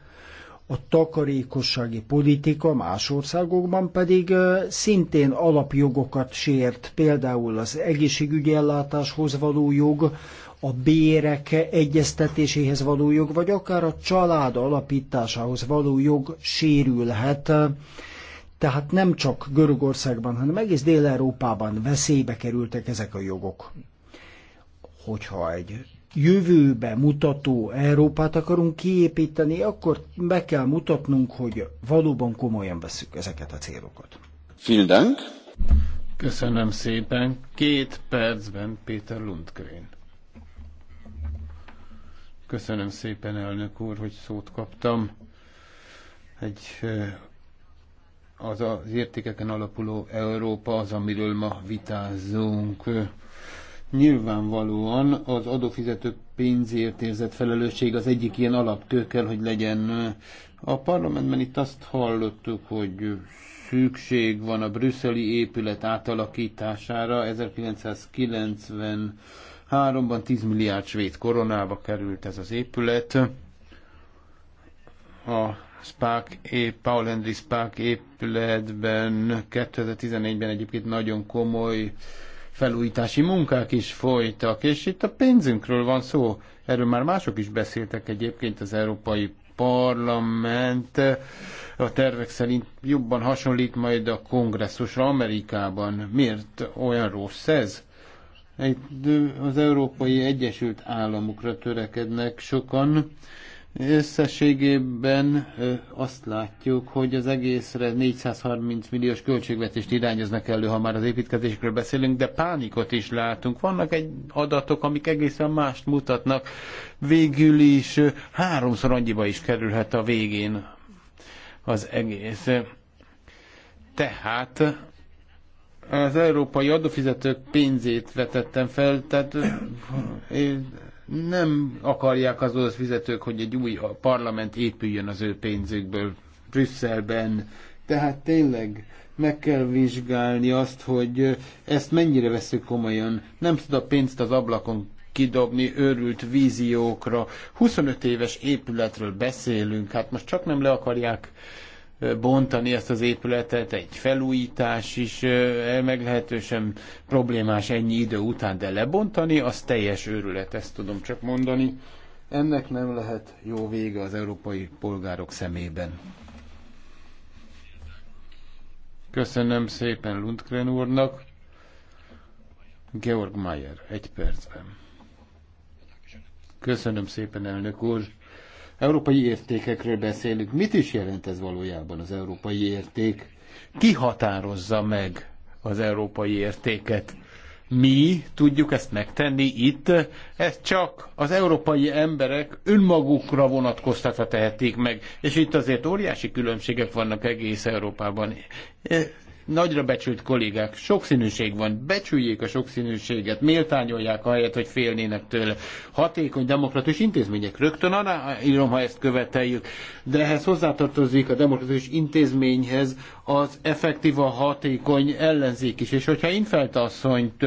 a takarékossági politika más országokban pedig szintén alapjogokat sért, például az egészségügyi ellátáshoz való jog, a bérek egyeztetéséhez való jog, vagy akár a család alapításához való jog sérülhet. Tehát nem csak Görögországban, hanem egész Dél-Európában veszélybe kerültek ezek a jogok. Hogyha egy jövőbe mutató Európát akarunk kiépíteni, akkor be kell mutatnunk, hogy valóban komolyan veszük ezeket a célokat. Vielen Dank. Köszönöm szépen. Két percben Péter Lundgren. Köszönöm szépen, elnök úr, hogy szót kaptam. Egy az az értékeken alapuló Európa az, amiről ma vitázzunk. Nyilvánvalóan az adófizetők pénzért érzett felelősség az egyik ilyen alapkőkkel, hogy legyen. A parlamentben itt azt hallottuk, hogy szükség van a brüsszeli épület átalakítására. 1993-ban 10 milliárd svéd koronába került ez az épület. A Spák, Paul Henry Spák épületben 2011-ben egyébként nagyon komoly felújítási munkák is folytak, és itt a pénzünkről van szó. Erről már mások is beszéltek egyébként az Európai Parlament. A tervek szerint jobban hasonlít majd a kongresszusra Amerikában. Miért olyan rossz ez? Itt az Európai Egyesült Államokra törekednek sokan, Összességében azt látjuk, hogy az egészre 430 milliós költségvetést irányoznak elő, ha már az építkezésekről beszélünk, de pánikot is látunk. Vannak egy adatok, amik egészen mást mutatnak. Végül is háromszor annyiba is kerülhet a végén az egész. Tehát az európai adófizetők pénzét vetettem fel, tehát nem akarják az orosz fizetők, hogy egy új parlament épüljön az ő pénzükből Brüsszelben. Tehát tényleg meg kell vizsgálni azt, hogy ezt mennyire veszük komolyan. Nem tud a pénzt az ablakon kidobni őrült víziókra. 25 éves épületről beszélünk, hát most csak nem le akarják uh, bontani ezt az épületet, egy felújítás is meglehetősen problémás ennyi idő után, de lebontani az teljes őrület, ezt tudom csak mondani. Ennek nem lehet jó vége az európai polgárok szemében. Köszönöm szépen Lundgren úrnak. Georg Mayer, egy percben. Köszönöm szépen, elnök úr európai értékekről beszélünk. Mit is jelent ez valójában az európai érték? Ki határozza meg az európai értéket? Mi tudjuk ezt megtenni itt, Ez csak az európai emberek önmagukra vonatkoztatva tehetik meg, és itt azért óriási különbségek vannak egész Európában. Nagyra becsült kollégák, sokszínűség van, becsüljék a sokszínűséget, méltányolják ahelyett, hogy félnének tőle. Hatékony demokratikus intézmények, rögtön írom, ha ezt követeljük, de ehhez hozzátartozik a demokratikus intézményhez az effektív a hatékony ellenzék is. És hogyha Infelt asszonyt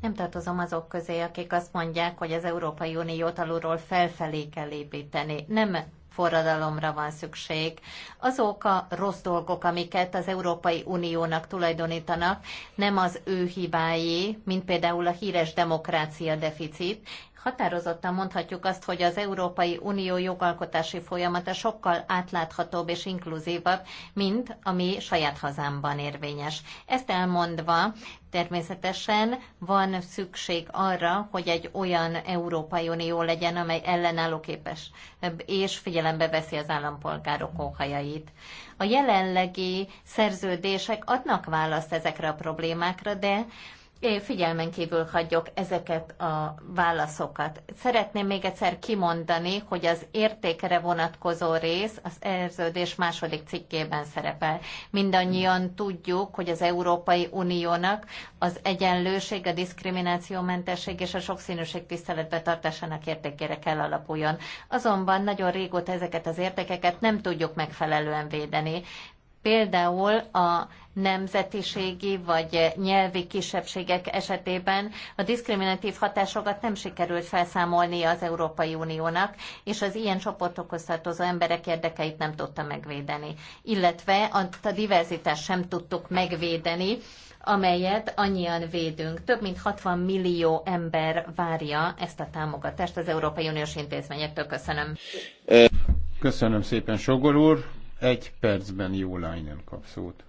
Nem tartozom azok közé, akik azt mondják, hogy az Európai Uniót alulról felfelé kell építeni. Nem forradalomra van szükség. Azok a rossz dolgok, amiket az Európai Uniónak tulajdonítanak, nem az ő hibái, mint például a híres demokrácia deficit, Határozottan mondhatjuk azt, hogy az Európai Unió jogalkotási folyamata sokkal átláthatóbb és inkluzívabb, mint ami saját hazámban érvényes. Ezt elmondva, természetesen van szükség arra, hogy egy olyan Európai Unió legyen, amely ellenállóképes és figyelembe veszi az állampolgárok óhajait. A jelenlegi szerződések adnak választ ezekre a problémákra, de figyelmen kívül hagyjuk ezeket a válaszokat. Szeretném még egyszer kimondani, hogy az értékre vonatkozó rész az erződés második cikkében szerepel. Mindannyian tudjuk, hogy az Európai Uniónak az egyenlőség, a diszkriminációmentesség és a sokszínűség tiszteletbe tartásának értékére kell alapuljon. Azonban nagyon régóta ezeket az értékeket nem tudjuk megfelelően védeni. Például a nemzetiségi vagy nyelvi kisebbségek esetében a diszkriminatív hatásokat nem sikerült felszámolni az Európai Uniónak, és az ilyen csoportokhoz tartozó emberek érdekeit nem tudta megvédeni. Illetve a diverzitást sem tudtuk megvédeni, amelyet annyian védünk. Több mint 60 millió ember várja ezt a támogatást az Európai Uniós intézményektől. Köszönöm. Köszönöm szépen, Sogor úr. Egy percben jó lányon kap szót.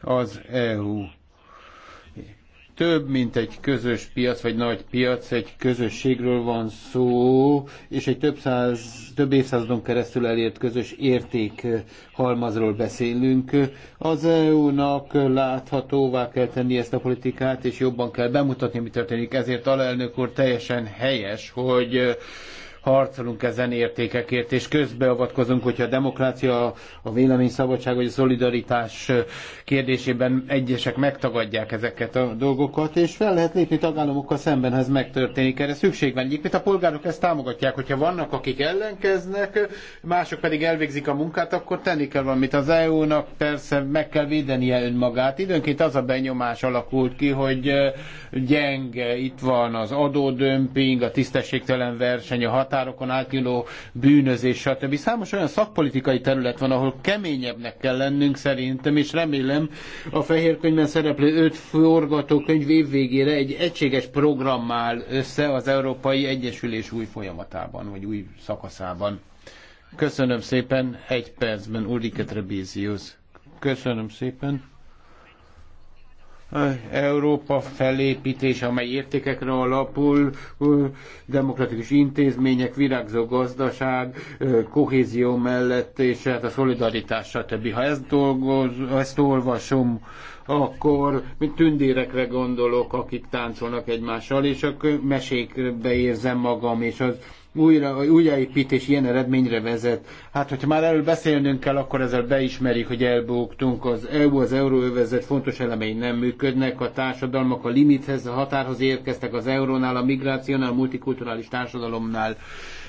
Az EU több, mint egy közös piac, vagy nagy piac, egy közösségről van szó, és egy több, száz, több évszázadon keresztül elért közös érték halmazról beszélünk. Az EU-nak láthatóvá kell tenni ezt a politikát, és jobban kell bemutatni, mi történik. Ezért alelnök úr teljesen helyes, hogy harcolunk ezen értékekért, és közbeavatkozunk, hogyha a demokrácia, a véleményszabadság vagy a szolidaritás kérdésében egyesek megtagadják ezeket a dolgokat, és fel lehet lépni tagállamokkal szemben, ha ez megtörténik. Erre szükség van. Egyébként a polgárok ezt támogatják, hogyha vannak, akik ellenkeznek, mások pedig elvégzik a munkát, akkor tenni kell valamit. Az EU-nak persze meg kell védenie önmagát. Időnként az a benyomás alakult ki, hogy gyenge, itt van az adódömping, a tisztességtelen verseny, a hatá határokon átnyúló bűnözés, stb. Számos olyan szakpolitikai terület van, ahol keményebbnek kell lennünk szerintem, és remélem a fehér könyvben szereplő öt forgatókönyv év végére egy egységes programmal össze az Európai Egyesülés új folyamatában, vagy új szakaszában. Köszönöm szépen, egy percben Ulrike Trebézius. Köszönöm szépen. Európa felépítése, amely értékekre alapul, demokratikus intézmények, virágzó gazdaság, kohézió mellett, és hát a szolidaritás, stb. Ha ezt, dolgoz, ezt olvasom, akkor mint tündérekre gondolok, akik táncolnak egymással, és a mesékbe érzem magam, és az újra, újjáépítés ilyen eredményre vezet. Hát, hogyha már erről beszélnünk kell, akkor ezzel beismerik, hogy elbuktunk. Az EU, az euróövezet fontos elemei nem működnek, a társadalmak a limithez, a határhoz érkeztek az eurónál, a migrációnál, a multikulturális társadalomnál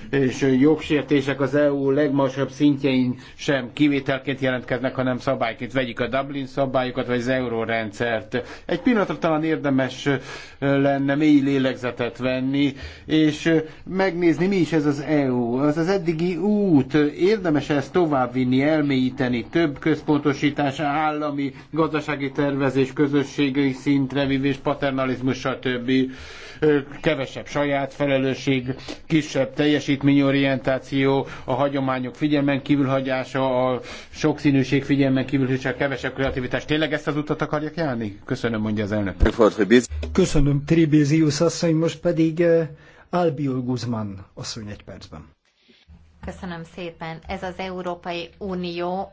és jogsértések az EU legmagasabb szintjein sem kivételként jelentkeznek, hanem szabályként vegyük a Dublin szabályokat, vagy az eurórendszert. Egy pillanatra talán érdemes lenne mély lélegzetet venni, és megnézni, mi is ez az EU. Az az eddigi út, érdemes ezt továbbvinni, elmélyíteni, több központosítás, állami, gazdasági tervezés, közösségi szintre vívés, paternalizmus, stb kevesebb saját felelősség, kisebb teljesítményorientáció, a hagyományok figyelmen kívülhagyása, a sokszínűség figyelmen kívülhagyása, kevesebb kreativitás. Tényleg ezt az utat akarják járni? Köszönöm, mondja az elnök. Köszönöm, Tribézius asszony, most pedig Albiol Guzman asszony egy percben. Köszönöm szépen. Ez az Európai Unió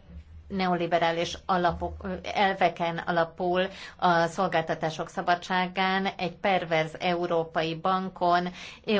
neoliberális alapok, elveken alapul a szolgáltatások szabadságán, egy perverz európai bankon,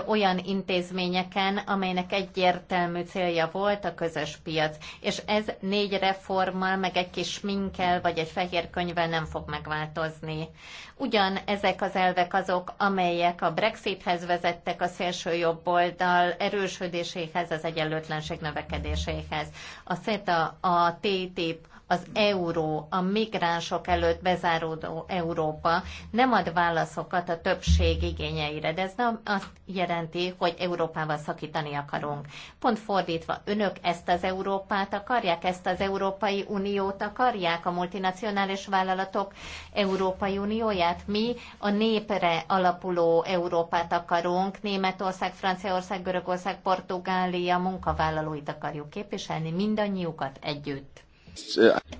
olyan intézményeken, amelynek egyértelmű célja volt a közös piac. És ez négy reformmal, meg egy kis minkel, vagy egy fehér könyvvel nem fog megváltozni. Ugyan ezek az elvek azok, amelyek a Brexithez vezettek, a szélső jobb oldal erősödéséhez, az egyenlőtlenség növekedéséhez. A CETA, a TT TTIP, az euró, a migránsok előtt bezáródó Európa nem ad válaszokat a többség igényeire, de ez nem azt jelenti, hogy Európával szakítani akarunk. Pont fordítva, önök ezt az Európát akarják, ezt az Európai Uniót akarják, a multinacionális vállalatok Európai Unióját. Mi a népre alapuló Európát akarunk, Németország, Franciaország, Görögország, Portugália munkavállalóit akarjuk képviselni, mindannyiukat együtt.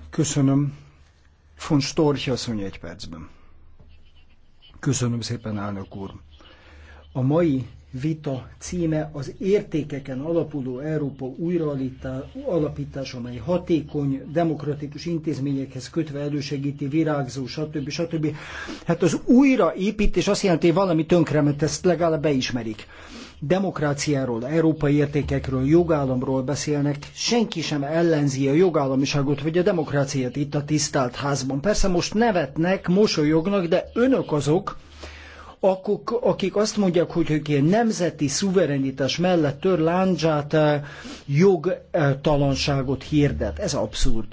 Köszönöm. Von Storch asszony egy percben. Köszönöm szépen, elnök úr. A mai vita címe az értékeken alapuló Európa újraalapítása, amely hatékony, demokratikus intézményekhez kötve elősegíti, virágzó, stb. stb. Hát az újraépítés azt jelenti, hogy valami mert ezt legalább beismerik demokráciáról, európai értékekről, jogállamról beszélnek, senki sem ellenzi a jogállamiságot vagy a demokráciát itt a tisztelt házban. Persze most nevetnek, mosolyognak, de önök azok, akik, akik azt mondják, hogy ők ilyen nemzeti szuverenitás mellett tör lándzsát, eh, jogtalanságot hirdet. Ez abszurd.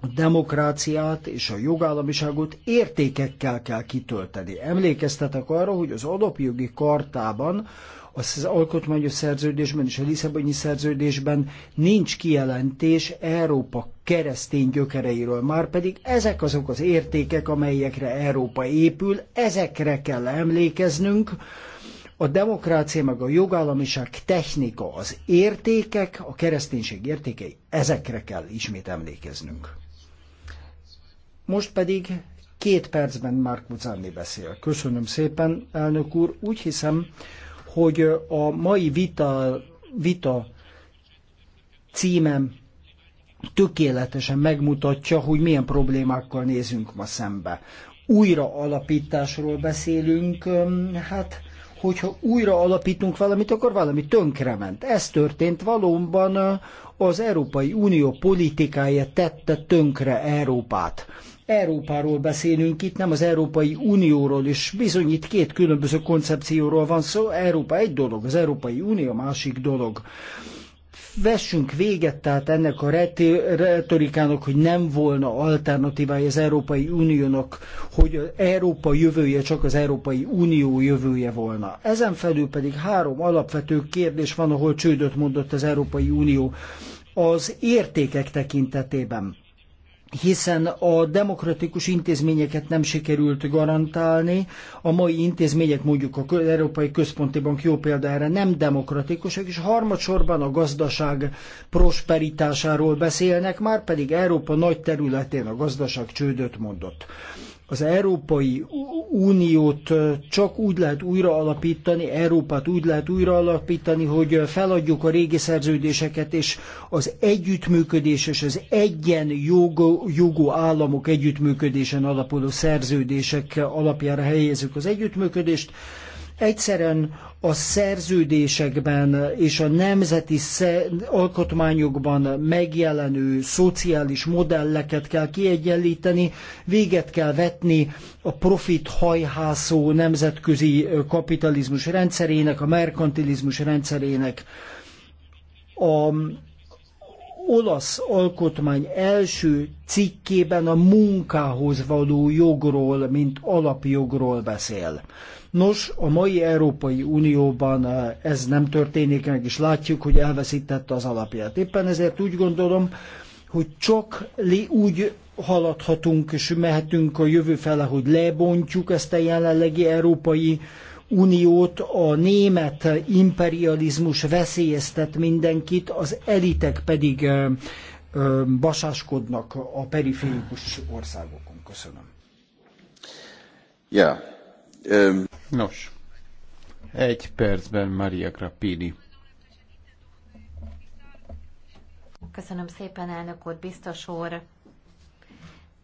A demokráciát és a jogállamiságot értékekkel kell kitölteni. Emlékeztetek arra, hogy az alapjogi kartában az alkotmányos szerződésben és a Lisszaboni szerződésben nincs kijelentés Európa keresztény gyökereiről. már pedig ezek azok az értékek, amelyekre Európa épül, ezekre kell emlékeznünk, a demokrácia meg a jogállamiság technika, az értékek, a kereszténység értékei, ezekre kell ismét emlékeznünk. Most pedig két percben Mark Buzani beszél. Köszönöm szépen, elnök úr. Úgy hiszem, hogy a mai vita, vita címem tökéletesen megmutatja, hogy milyen problémákkal nézünk ma szembe. Újra alapításról beszélünk, hát hogyha újra alapítunk valamit, akkor valami tönkrement. Ez történt valóban az Európai Unió politikája tette tönkre Európát. Európáról beszélünk itt, nem az Európai Unióról, és bizony itt két különböző koncepcióról van szó. Európa egy dolog, az Európai Unió másik dolog. Vessünk véget tehát ennek a retorikának, hogy nem volna alternatívája az Európai Uniónak, hogy az Európa jövője csak az Európai Unió jövője volna. Ezen felül pedig három alapvető kérdés van, ahol csődöt mondott az Európai Unió az értékek tekintetében hiszen a demokratikus intézményeket nem sikerült garantálni. A mai intézmények, mondjuk a Európai Központi Bank jó példa erre, nem demokratikusak, és harmadsorban a gazdaság prosperitásáról beszélnek, már pedig Európa nagy területén a gazdaság csődöt mondott az Európai Uniót csak úgy lehet újra alapítani, Európát úgy lehet újra alapítani, hogy feladjuk a régi szerződéseket, és az együttműködés és az egyen államok együttműködésen alapuló szerződések alapjára helyezzük az együttműködést, Egyszerűen a szerződésekben és a nemzeti alkotmányokban megjelenő szociális modelleket kell kiegyenlíteni, véget kell vetni a profit hajhászó nemzetközi kapitalizmus rendszerének, a merkantilizmus rendszerének. A olasz alkotmány első cikkében a munkához való jogról, mint alapjogról beszél. Nos, a mai Európai Unióban eh, ez nem történik meg, és látjuk, hogy elveszítette az alapját. Éppen ezért úgy gondolom, hogy csak úgy haladhatunk és mehetünk a jövő fele, hogy lebontjuk ezt a jelenlegi Európai Uniót, a német imperializmus veszélyeztet mindenkit, az elitek pedig eh, eh, basáskodnak a periférikus országokon. Köszönöm. Ja. Um. Nos, egy percben Maria Grappini. Köszönöm szépen, elnök úr, biztos úr.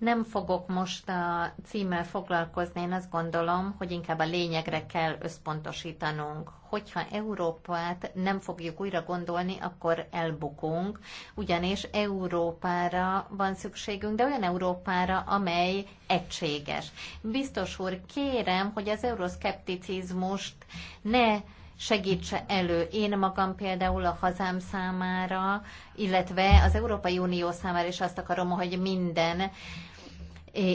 Nem fogok most a címmel foglalkozni, én azt gondolom, hogy inkább a lényegre kell összpontosítanunk. Hogyha Európát nem fogjuk újra gondolni, akkor elbukunk, ugyanis Európára van szükségünk, de olyan Európára, amely egységes. Biztos úr, kérem, hogy az euroszkepticizmust ne segítse elő én magam például a hazám számára, illetve az Európai Unió számára is azt akarom, hogy minden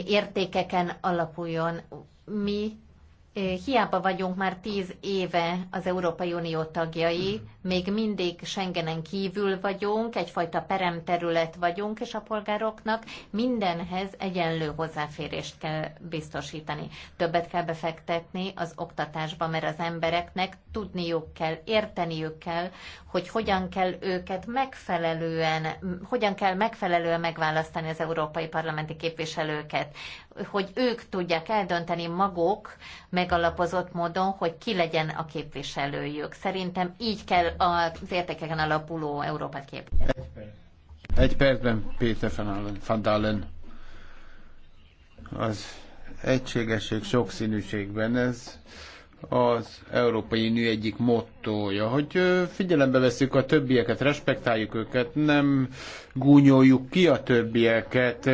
értékeken alapuljon. Mi hiába vagyunk már tíz éve az Európai Unió tagjai, még mindig Schengenen kívül vagyunk, egyfajta peremterület vagyunk, és a polgároknak mindenhez egyenlő hozzáférést kell biztosítani. Többet kell befektetni az oktatásba, mert az embereknek tudniuk kell, érteniük kell, hogy hogyan kell őket megfelelően, hogyan kell megfelelően megválasztani az európai parlamenti képviselőket, hogy ők tudják eldönteni maguk megalapozott módon, hogy ki legyen a képviselőjük. Szerintem így kell az értékeken alapuló Európát kép. Egy, perc. Egy percben Péter van Dalen. Az egységesség sokszínűségben ez az Európai Unió egyik mottója, hogy figyelembe veszük a többieket, respektáljuk őket, nem gúnyoljuk ki a többieket,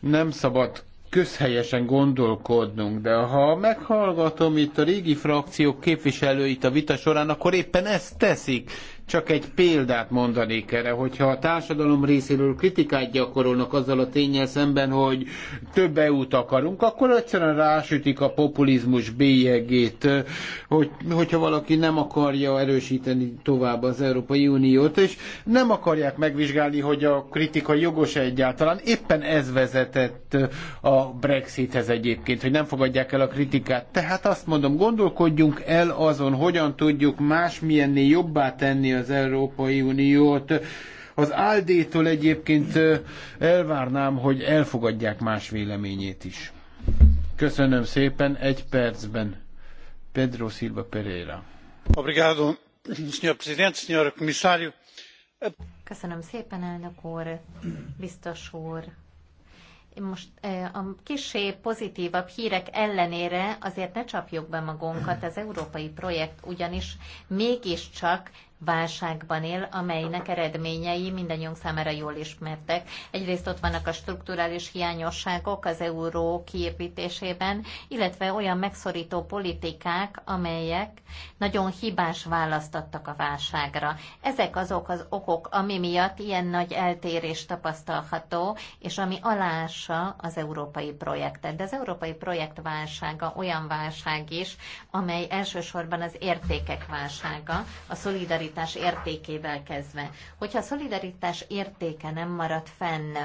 nem szabad közhelyesen gondolkodnunk, de ha meghallgatom itt a régi frakciók képviselőit a vita során, akkor éppen ezt teszik. Csak egy példát mondanék erre, hogyha a társadalom részéről kritikát gyakorolnak azzal a tényel szemben, hogy több EU-t akarunk, akkor egyszerűen rásütik a populizmus bélyegét, hogy, hogyha valaki nem akarja erősíteni tovább az Európai Uniót, és nem akarják megvizsgálni, hogy a kritika jogos -e egyáltalán. Éppen ez vezetett a Brexithez egyébként, hogy nem fogadják el a kritikát. Tehát azt mondom, gondolkodjunk el azon, hogyan tudjuk másmilyennél jobbá tenni az Európai Uniót. Az Áldétól egyébként elvárnám, hogy elfogadják más véleményét is. Köszönöm szépen, egy percben. Pedro Silva Pereira. Obrigado, senhor presidente, senhor comissário. Köszönöm szépen, elnök úr, biztos úr. Most a kisé pozitívabb hírek ellenére azért ne csapjuk be magunkat, az európai projekt ugyanis mégiscsak válságban él, amelynek eredményei mindannyiunk számára jól ismertek. Egyrészt ott vannak a strukturális hiányosságok az euró kiépítésében, illetve olyan megszorító politikák, amelyek nagyon hibás választattak a válságra. Ezek azok az okok, ami miatt ilyen nagy eltérés tapasztalható, és ami alása az európai projektet. De az európai projekt válsága olyan válság is, amely elsősorban az értékek válsága, a szolidaritás szolidaritás értékével kezdve. Hogyha a szolidaritás értéke nem marad fenn,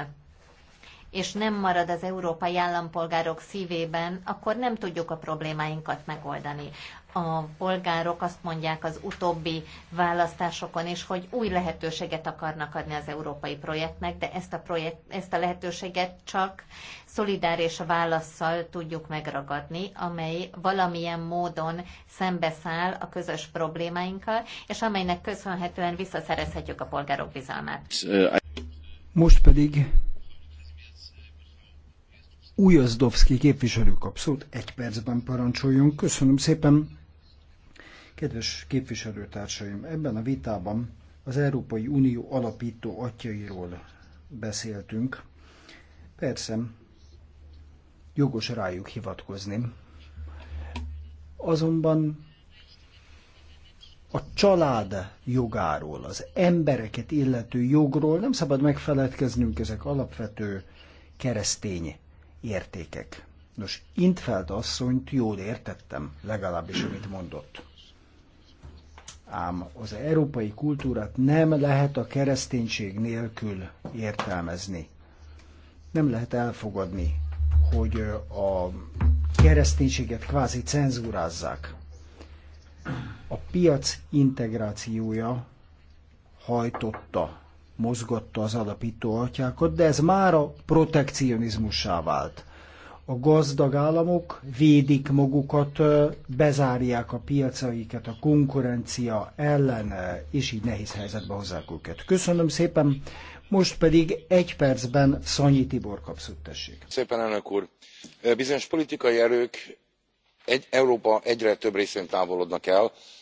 és nem marad az európai állampolgárok szívében, akkor nem tudjuk a problémáinkat megoldani a polgárok azt mondják az utóbbi választásokon is, hogy új lehetőséget akarnak adni az európai projektnek, de ezt a, projekt, ezt a lehetőséget csak szolidár és válaszsal tudjuk megragadni, amely valamilyen módon szembeszáll a közös problémáinkkal, és amelynek köszönhetően visszaszerezhetjük a polgárok bizalmát. Most pedig Ujazdowski képviselő kapszót egy percben parancsoljon. Köszönöm szépen, Kedves képviselőtársaim, ebben a vitában az Európai Unió alapító atyairól beszéltünk. Persze, jogos rájuk hivatkozni. Azonban a család jogáról, az embereket illető jogról nem szabad megfeledkeznünk, ezek alapvető keresztény értékek. Nos, Intfeld asszonyt jól értettem, legalábbis amit mondott. Ám az európai kultúrát nem lehet a kereszténység nélkül értelmezni. Nem lehet elfogadni, hogy a kereszténységet kvázi cenzúrázzák. A piac integrációja hajtotta, mozgatta az alapító atyákat, de ez már a protekcionizmussá vált a gazdag államok védik magukat, bezárják a piacaikat a konkurencia ellen, és így nehéz helyzetbe hozzák őket. Köszönöm szépen, most pedig egy percben Szanyi Tibor kapszott, tessék. Szépen, elnök úr. Bizonyos politikai erők egy, Európa egyre több részén távolodnak el,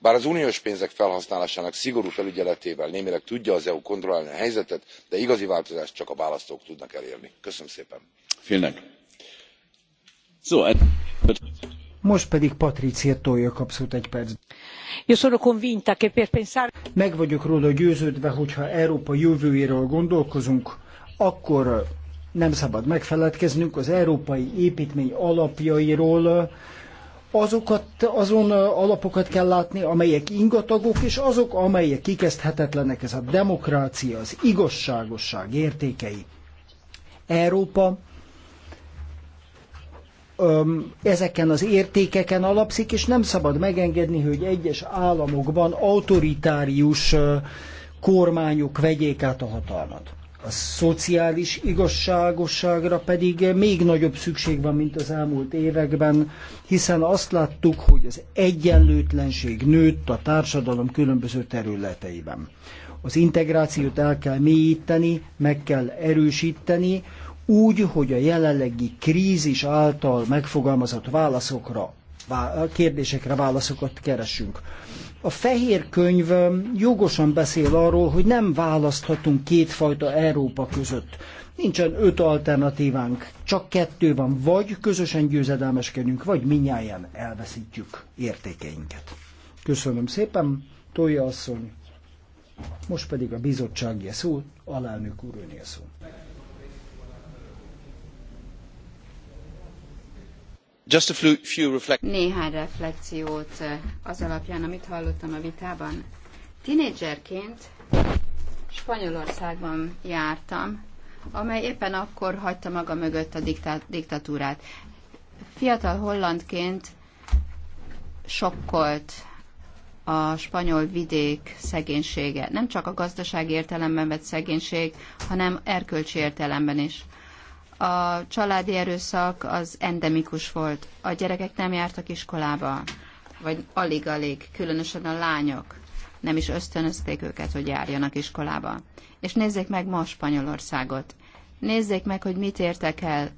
bár az uniós pénzek felhasználásának szigorú felügyeletével némileg tudja az eu kontrollálni a helyzetet de igazi változást csak a választók tudnak elérni. köszönöm szépen! Most pedig egy Meg vagyok róla győződve, hogy ha Európa jövőjéről gondolkozunk, akkor nem szabad megfeledkeznünk az európai építmény alapjairól, azokat, azon alapokat kell látni, amelyek ingatagok, és azok, amelyek kikezdhetetlenek, ez a demokrácia, az igazságosság értékei. Európa öm, ezeken az értékeken alapszik, és nem szabad megengedni, hogy egyes államokban autoritárius kormányok vegyék át a hatalmat. A szociális igazságosságra pedig még nagyobb szükség van, mint az elmúlt években, hiszen azt láttuk, hogy az egyenlőtlenség nőtt a társadalom különböző területeiben. Az integrációt el kell mélyíteni, meg kell erősíteni, úgy, hogy a jelenlegi krízis által megfogalmazott válaszokra, kérdésekre válaszokat keresünk. A fehér könyv um, jogosan beszél arról, hogy nem választhatunk kétfajta Európa között. Nincsen öt alternatívánk, csak kettő van, vagy közösen győzedelmeskedünk, vagy minnyáján elveszítjük értékeinket. Köszönöm szépen, Tolja asszony. Most pedig a bizottsági szó, alelnök úr szó. Néhány reflexiót eh, az alapján, amit hallottam a vitában. Tinédzserként Spanyolországban jártam, amely éppen akkor hagyta maga mögött a diktát, diktatúrát. Fiatal hollandként sokkolt a spanyol vidék szegénysége. Nem csak a gazdaság értelemben vett szegénység, hanem erkölcsi értelemben is a családi erőszak az endemikus volt. A gyerekek nem jártak iskolába, vagy alig-alig, különösen a lányok nem is ösztönözték őket, hogy járjanak iskolába. És nézzék meg ma Spanyolországot. Nézzék meg, hogy mit értek el.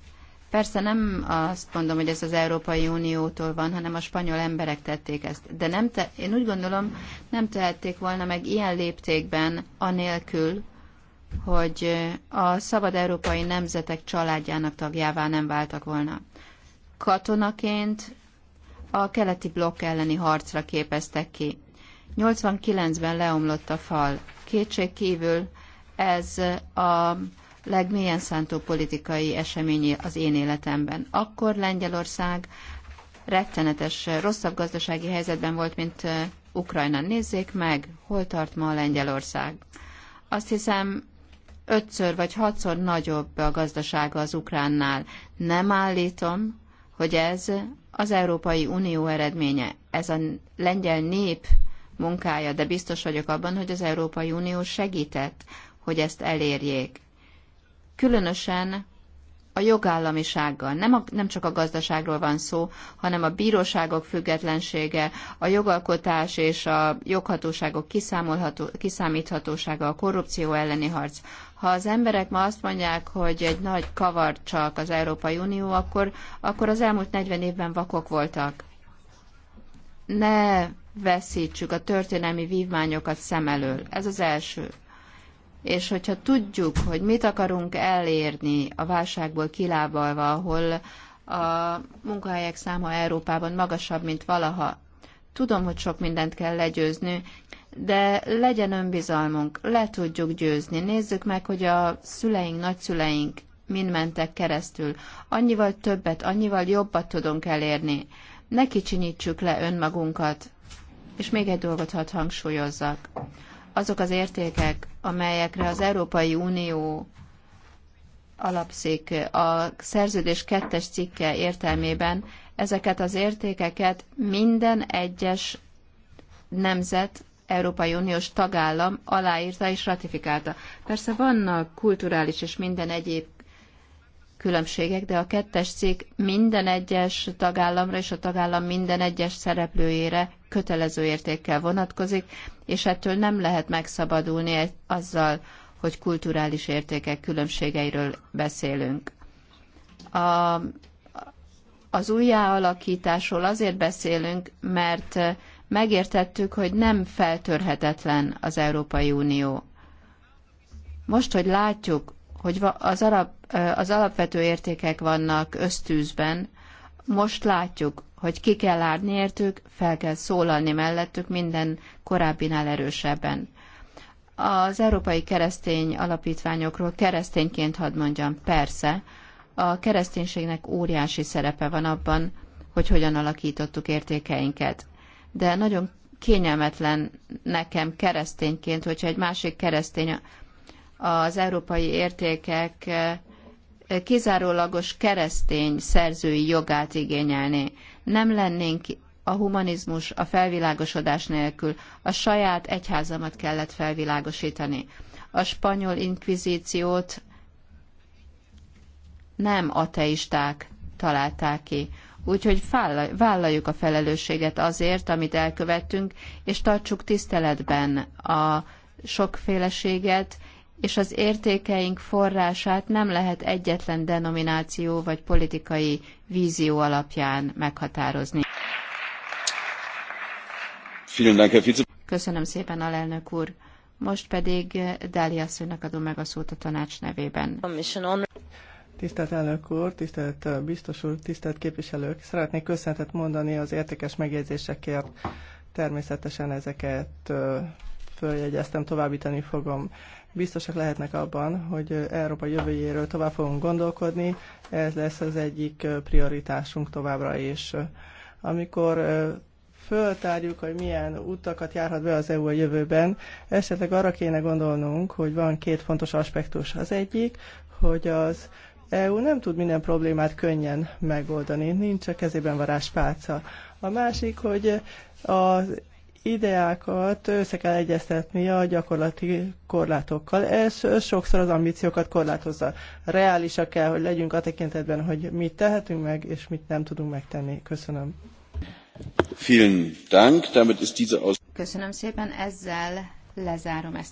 Persze nem azt mondom, hogy ez az Európai Uniótól van, hanem a spanyol emberek tették ezt. De nem te, én úgy gondolom, nem tehették volna meg ilyen léptékben, anélkül, hogy a szabad európai nemzetek családjának tagjává nem váltak volna. Katonaként a keleti blokk elleni harcra képeztek ki. 89-ben leomlott a fal. Kétség kívül ez a legmélyen szántó politikai esemény az én életemben. Akkor Lengyelország rettenetes, rosszabb gazdasági helyzetben volt, mint uh, Ukrajna. Nézzék meg, hol tart ma Lengyelország. Azt hiszem, ötször vagy hatszor nagyobb a gazdasága az ukránnál. Nem állítom, hogy ez az Európai Unió eredménye. Ez a lengyel nép munkája, de biztos vagyok abban, hogy az Európai Unió segített, hogy ezt elérjék. Különösen a jogállamisággal. Nem, a, nem csak a gazdaságról van szó, hanem a bíróságok függetlensége, a jogalkotás és a joghatóságok kiszámolható, kiszámíthatósága, a korrupció elleni harc. Ha az emberek ma azt mondják, hogy egy nagy kavar csak az Európai Unió, akkor, akkor az elmúlt 40 évben vakok voltak. Ne veszítsük a történelmi vívmányokat szem elől. Ez az első és hogyha tudjuk, hogy mit akarunk elérni a válságból kilábalva, ahol a munkahelyek száma Európában magasabb, mint valaha. Tudom, hogy sok mindent kell legyőzni, de legyen önbizalmunk, le tudjuk győzni. Nézzük meg, hogy a szüleink, nagyszüleink mind mentek keresztül. Annyival többet, annyival jobbat tudunk elérni. Ne kicsinyítsük le önmagunkat. És még egy dolgot hadd hangsúlyozzak azok az értékek, amelyekre az Európai Unió alapszik a szerződés kettes cikke értelmében, ezeket az értékeket minden egyes nemzet, Európai Uniós tagállam aláírta és ratifikálta. Persze vannak kulturális és minden egyéb különbségek, de a kettes cikk minden egyes tagállamra és a tagállam minden egyes szereplőjére kötelező értékkel vonatkozik, és ettől nem lehet megszabadulni azzal, hogy kulturális értékek különbségeiről beszélünk. A, az újjáalakításról azért beszélünk, mert megértettük, hogy nem feltörhetetlen az Európai Unió. Most, hogy látjuk, hogy az, arab, az alapvető értékek vannak ösztűzben, most látjuk, hogy ki kell árni értük, fel kell szólalni mellettük minden korábbinál erősebben. Az Európai Keresztény Alapítványokról keresztényként hadd mondjam, persze, a kereszténységnek óriási szerepe van abban, hogy hogyan alakítottuk értékeinket. De nagyon kényelmetlen nekem keresztényként, hogyha egy másik keresztény az európai értékek kizárólagos keresztény szerzői jogát igényelné. Nem lennénk a humanizmus a felvilágosodás nélkül. A saját egyházamat kellett felvilágosítani. A spanyol inkvizíciót nem ateisták találták ki. Úgyhogy vállaljuk a felelősséget azért, amit elkövettünk, és tartsuk tiszteletben a sokféleséget, és az értékeink forrását nem lehet egyetlen denomináció vagy politikai vízió alapján meghatározni. Köszönöm szépen, alelnök úr. Most pedig eh, Dália asszonynak adom meg a szót a tanács nevében. Tisztelt elnök úr, tisztelt eh, biztos úr, tisztelt képviselők! Szeretnék köszönetet mondani az értékes megjegyzésekért. Természetesen ezeket eh, följegyeztem, továbbítani fogom biztosak lehetnek abban, hogy Európa jövőjéről tovább fogunk gondolkodni, ez lesz az egyik prioritásunk továbbra is. Amikor föltárjuk, hogy milyen utakat járhat be az EU a jövőben, esetleg arra kéne gondolnunk, hogy van két fontos aspektus. Az egyik, hogy az EU nem tud minden problémát könnyen megoldani, nincs a kezében varázspálca. A másik, hogy az ideákat össze kell egyeztetni a gyakorlati korlátokkal. Ez sokszor az ambíciókat korlátozza. Reálisak kell, hogy legyünk a tekintetben, hogy mit tehetünk meg, és mit nem tudunk megtenni. Köszönöm. Vielen Dank. Damit ist diese Köszönöm szépen, ezzel lezárom ezt.